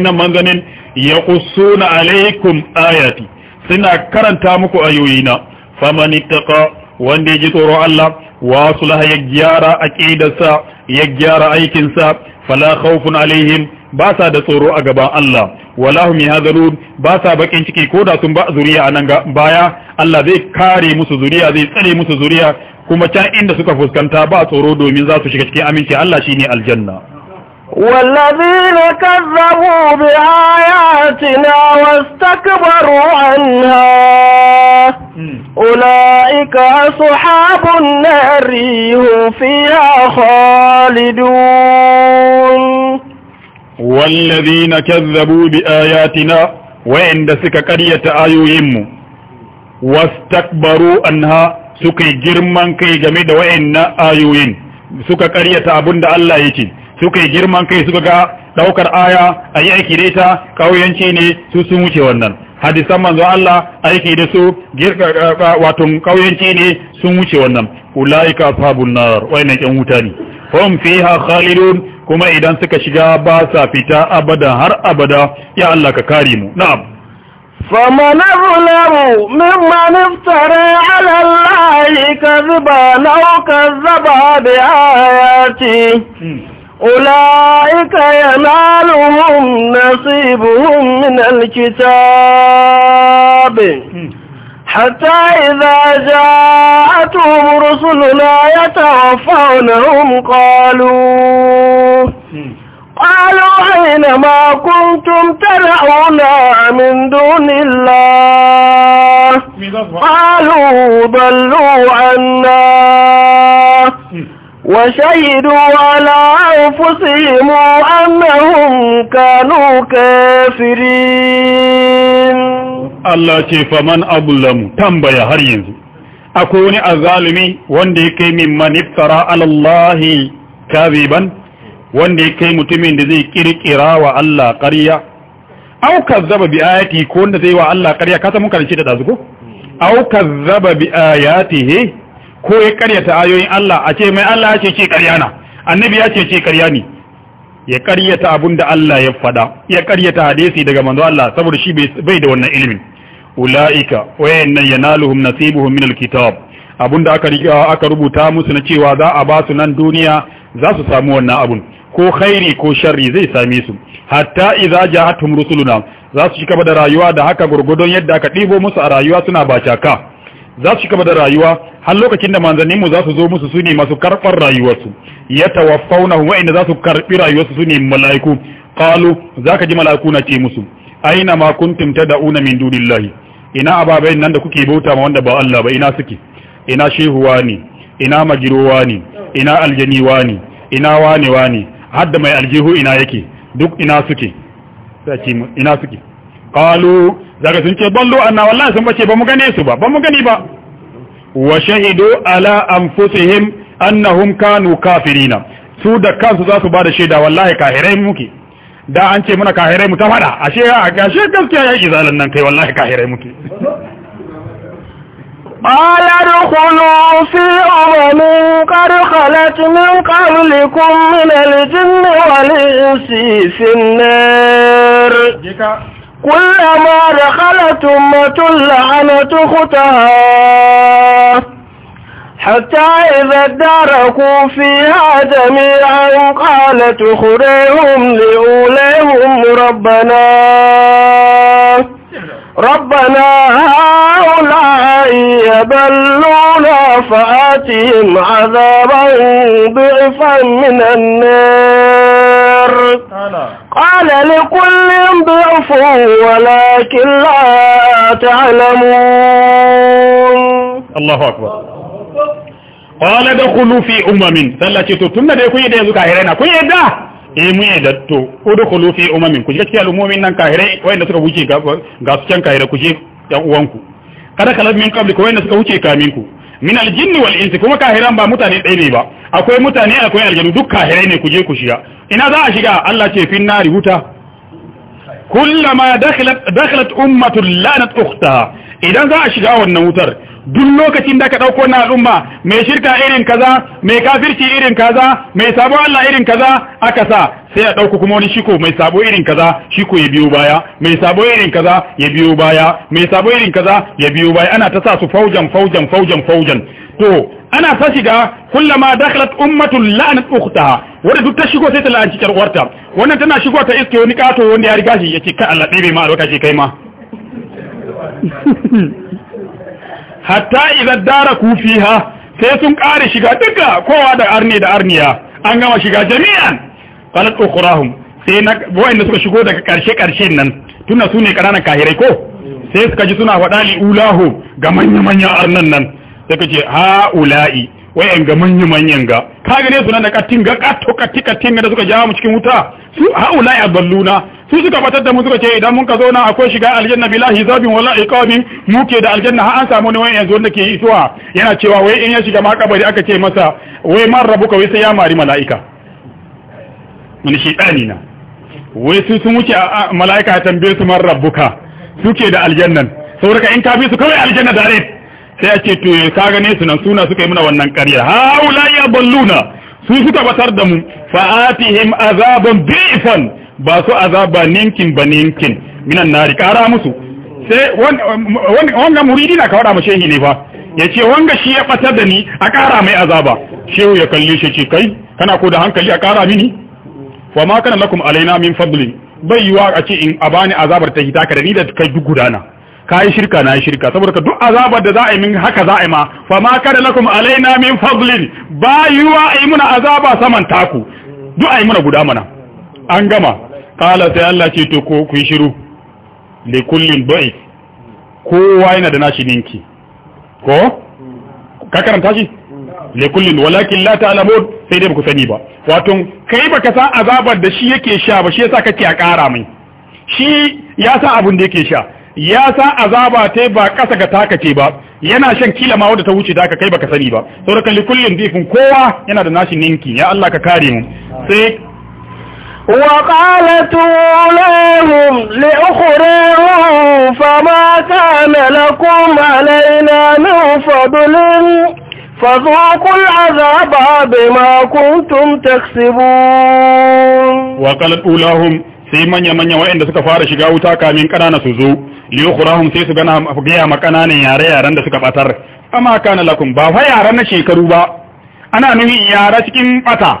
nan manzanin yaqussuna alaikum ayati suna karanta muku ayoyina faman ittaqa wanda ji tsoron Allah wa sulaha ya gyara aqidarsa ya gyara aikinsa fala khawfun alaihim ba sa da tsoro a gaban Allah walahum yahzalun ba sa bakin ciki ko da sun ba zuriya nan baya Allah zai kare musu zuriya zai tsare musu zuriya kuma can inda suka fuskanta ba tsoro domin za su shiga cikin aminci Allah shine aljanna والذين كذبوا بآياتنا واستكبروا عنها أولئك أصحاب النار هم فيها خالدون wallazina kazzabu bi ayatina wa'inda suka karyata ayoyinmu wastakbaru anha suka yi girman kai game da wa'innan ayoyin suka karyata abinda Allah yake suka yi girman kai suka ga daukar aya ayi aiki da ita kauyanci ne su sun wuce wannan hadisan manzo Allah aiki da su wato kauyanci ne sun wuce wannan ulaika ashabun nar yan wuta ne hum fiha khalidun kuma idan suka shiga ba sa fita abada har abada ya Allah ka kare mu na'am فمن أظلم ممن افترى على الله كذبا أو كذب بآياته أولئك ينالهم نصيبهم من الكتاب حتى إذا جاءتهم رسلنا يتوفونهم قالوا قالوا أينما كنتم ترعونا من دون الله قالوا ضلوا عنا وشهدوا على أنفسهم أنهم كانوا كافرين Allah ce faman abulamu tambaya har yanzu akwai wani azalumi wanda ya kai min maniftara alallahi kaziban wanda ya kai mutumin da zai kirkira wa Allah ƙarya au kazzaba bi ayati ko wanda zai wa Allah ƙarya ka san mun karanci da dazu ko au kazzaba bi ayatihi ko ya ƙaryata ayoyin Allah a ce mai Allah ya ce ce ƙarya na annabi ya ce ce ƙarya ne ya karyata abun da Allah ya fada ya karyata hadisi daga manzo Allah saboda shi bai da wannan ilimin ula'ika wayannan yanaluhum nasibuhum min alkitab da aka riga aka rubuta musu na cewa za a ba su nan duniya za su samu wannan abun ko khairi ko sharri zai same su hatta idza ja'atuhum rusuluna za su shiga da rayuwa da haka gurgudon yadda aka ɗebo musu a rayuwa suna bacaka za su gaba da rayuwa har lokacin da manzanninmu za su zo musu su ne masu karɓar rayuwarsu ya tawaffauna wa inda za su karɓi rayuwarsu su ne mala'iku qalu za ka ji mala'iku na ce musu aina ma kuntum tad'una min dunillahi ina ababai nan da kuke bauta ma wanda ba Allah ba ina suke ina shehuwa ne ina magirowa ne ina aljaniwa ne ina wani ne hadda mai aljihu ina yake duk ina suke ina suke qalu daga sun ce ballo anna wallahi sun bace ba mu gane su ba ba mu gani ba wa shahidu ala anfusihim annahum kanu kafirina su da kansu za su ba da shaida wallahi kahirai muke da an ce muna kahirai mu ta fada ashe a ashe gaskiya ya izalan nan kai wallahi kahirai muke قال ادخلوا في أمم قد خلت من قبلكم من الجن والإنس في النار كلما دخلت أمة لعنت أختها حتى إذا اداركوا فيها جميعا قالت أخريهم لأوليهم ربنا ربنا هؤلاء يبلونا فآتهم عذابا ضعفا من النار البر قال لكل ضعف ولكن لا تعلمون الله أكبر قال دخلوا في أمم سلتي تتمنى دي دي زكا هرينا كوية دا eh mun da to udkhulu fi umamin ku je cikin al'ummomin nan kahirai wanda suka wuce ga su can kahirai ku je yan kada kalab min qabli wanda suka wuce kamin ku min aljinn wal insi kuma kahiran ba mutane ɗaya ne ba akwai mutane akwai aljanu duk kahirai ne ku je ku shiga ina za a shiga Allah ce fin nari wuta kullama dakhalat dakhalat ummatun lanat ukhtaha idan za a shiga wannan wutar duk lokacin da ka ɗauko na al'umma mai shirka irin kaza mai kafirci irin kaza mai sabo Allah irin kaza aka sa sai a ɗauko kuma wani shiko mai sabo irin kaza shiko ya biyo baya mai sabo irin kaza ya biyo baya mai sabo irin kaza ya biyo baya ana ta sa su faujan faujan faujan faujan to ana ta shiga kullama dakhalat ummatun la'anat ukhtaha wanda duk ta shigo sai ta la'anci ƴar uwarta wannan tana shigo ta iske wani kato wanda ya riga shi yace ka Allah ɗebe ma albarkaci kai ma hatta idan dara ha sai sun ƙare shiga duka kowa da arne da arniya an gama shiga jami'an qalat ukhrahum sai na ne suka shigo daga karshe karshen nan tunda su ne ƙananan kahirai ko sai suka ji suna faɗa li ulahu ga manya manyan arnan nan sai kace ce ha ula'i wayan ga manya manyan ga ka gane su nan da katin ga kato kati katin da suka jawo mu cikin wuta su haula ya dalluna su suka batar da mu suka ce idan mun ka zauna akwai shiga aljanna bila hisabin wala iqamin muke da aljanna har an samu ne wani yanzu wanda ke isuwa yana cewa wai in ya shiga ma kabari aka ce masa wai man rabuka wai sai ya mari mala'ika mun shi dani na wai su sun wuce mala'ika ya tambaye su man rabuka suke da aljannan saboda in ka bi su kawai aljanna da rai sai a ce to ka gane su nan suna suka yi muna wannan ƙarya haula ya balluna su suka batar da mu fa'atihim azaban bi'fan ba su azaba ninkin ba ninkin minan nari ƙara musu sai wanga muridi na kawada mu shehi ne fa ya ce wanga shi ya batar da ni a ƙara mai azaba shehu ya kalli shi ce kai kana ko da hankali a ƙara mini wa ma kana lakum alaina min fadlin bai yiwa a ce in a bani azabar ta hita ka da ni da kai duk gudana kai shirka na shirka saboda ka duk azabar da za a yi min haka za a yi ma fa ma kada lakum alaina min fadlin ba yuwa ai muna azaba saman taku duk ai muna guda mana an gama qala sai Allah ce to ko ku yi shiru li kullin ba'i kowa yana da nashi ninki ko ka karanta shi li kullin walakin la ta'lamun sai dai baku sani ba wato kai baka san azabar da shi yake sha ba shi yasa kake a kara mai shi ya san abin da yake sha ya sa azaba ta ba ƙasa ga taka ce ba yana shan kila ma wanda ta wuce taka kai baka sani ba saurakan likullin difin kowa yana da nashi ninki ya Allah ka kare mu sai وقالت أولاهم لأخرهم فما كان لكم علينا من فضل فذوقوا العذاب بما كنتم تكسبون وقالت أولاهم sai manya-manya waɗanda suka fara shiga wuta kamin ƙanana su zo liyukhrahum sai su gana gaya ma kananan yare yaren da suka batar amma kana lakum ba fa yaren na shekaru ba ana nuni yara cikin bata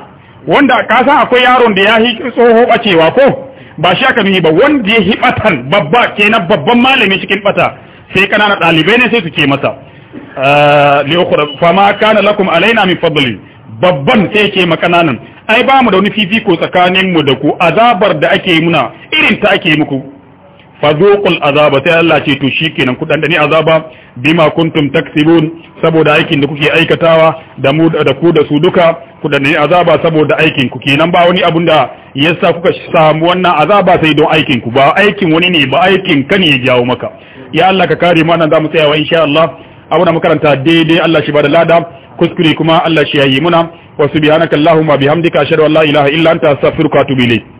wanda ka san akwai yaron da ya hi tsoho bacewa ko ba shi aka nuni ba wanda ya hi batan babba kenan babban malami cikin bata sai kananan dalibai ne sai su ce masa eh, liyukhra ma kana lakum alaina min fadli babban sai ke ma kananan ai ba mu da wani fifiko mu da ku azabar da ake muna irin ta ake muku fadukul azaba sai Allah ce to shikenan ku dandani azaba bima kuntum taksibun saboda aikin da kuke aikatawa da mu da ku da su duka ku dandani azaba saboda aikin ku kenan ba wani abun da yasa kuka samu wannan azaba sai don aikin ku ba aikin wani ne ba aikin ka ne ya jawo maka ya Allah ka kare mu nan zamu tsayawa insha Allah abu da makaranta daidai Allah shi ba da lada kuskure kuma Allah shi yayi muna wa subhanaka kan bihamdika ashhadu an la ilaha illa anta astaghfiruka wa atubu ilayk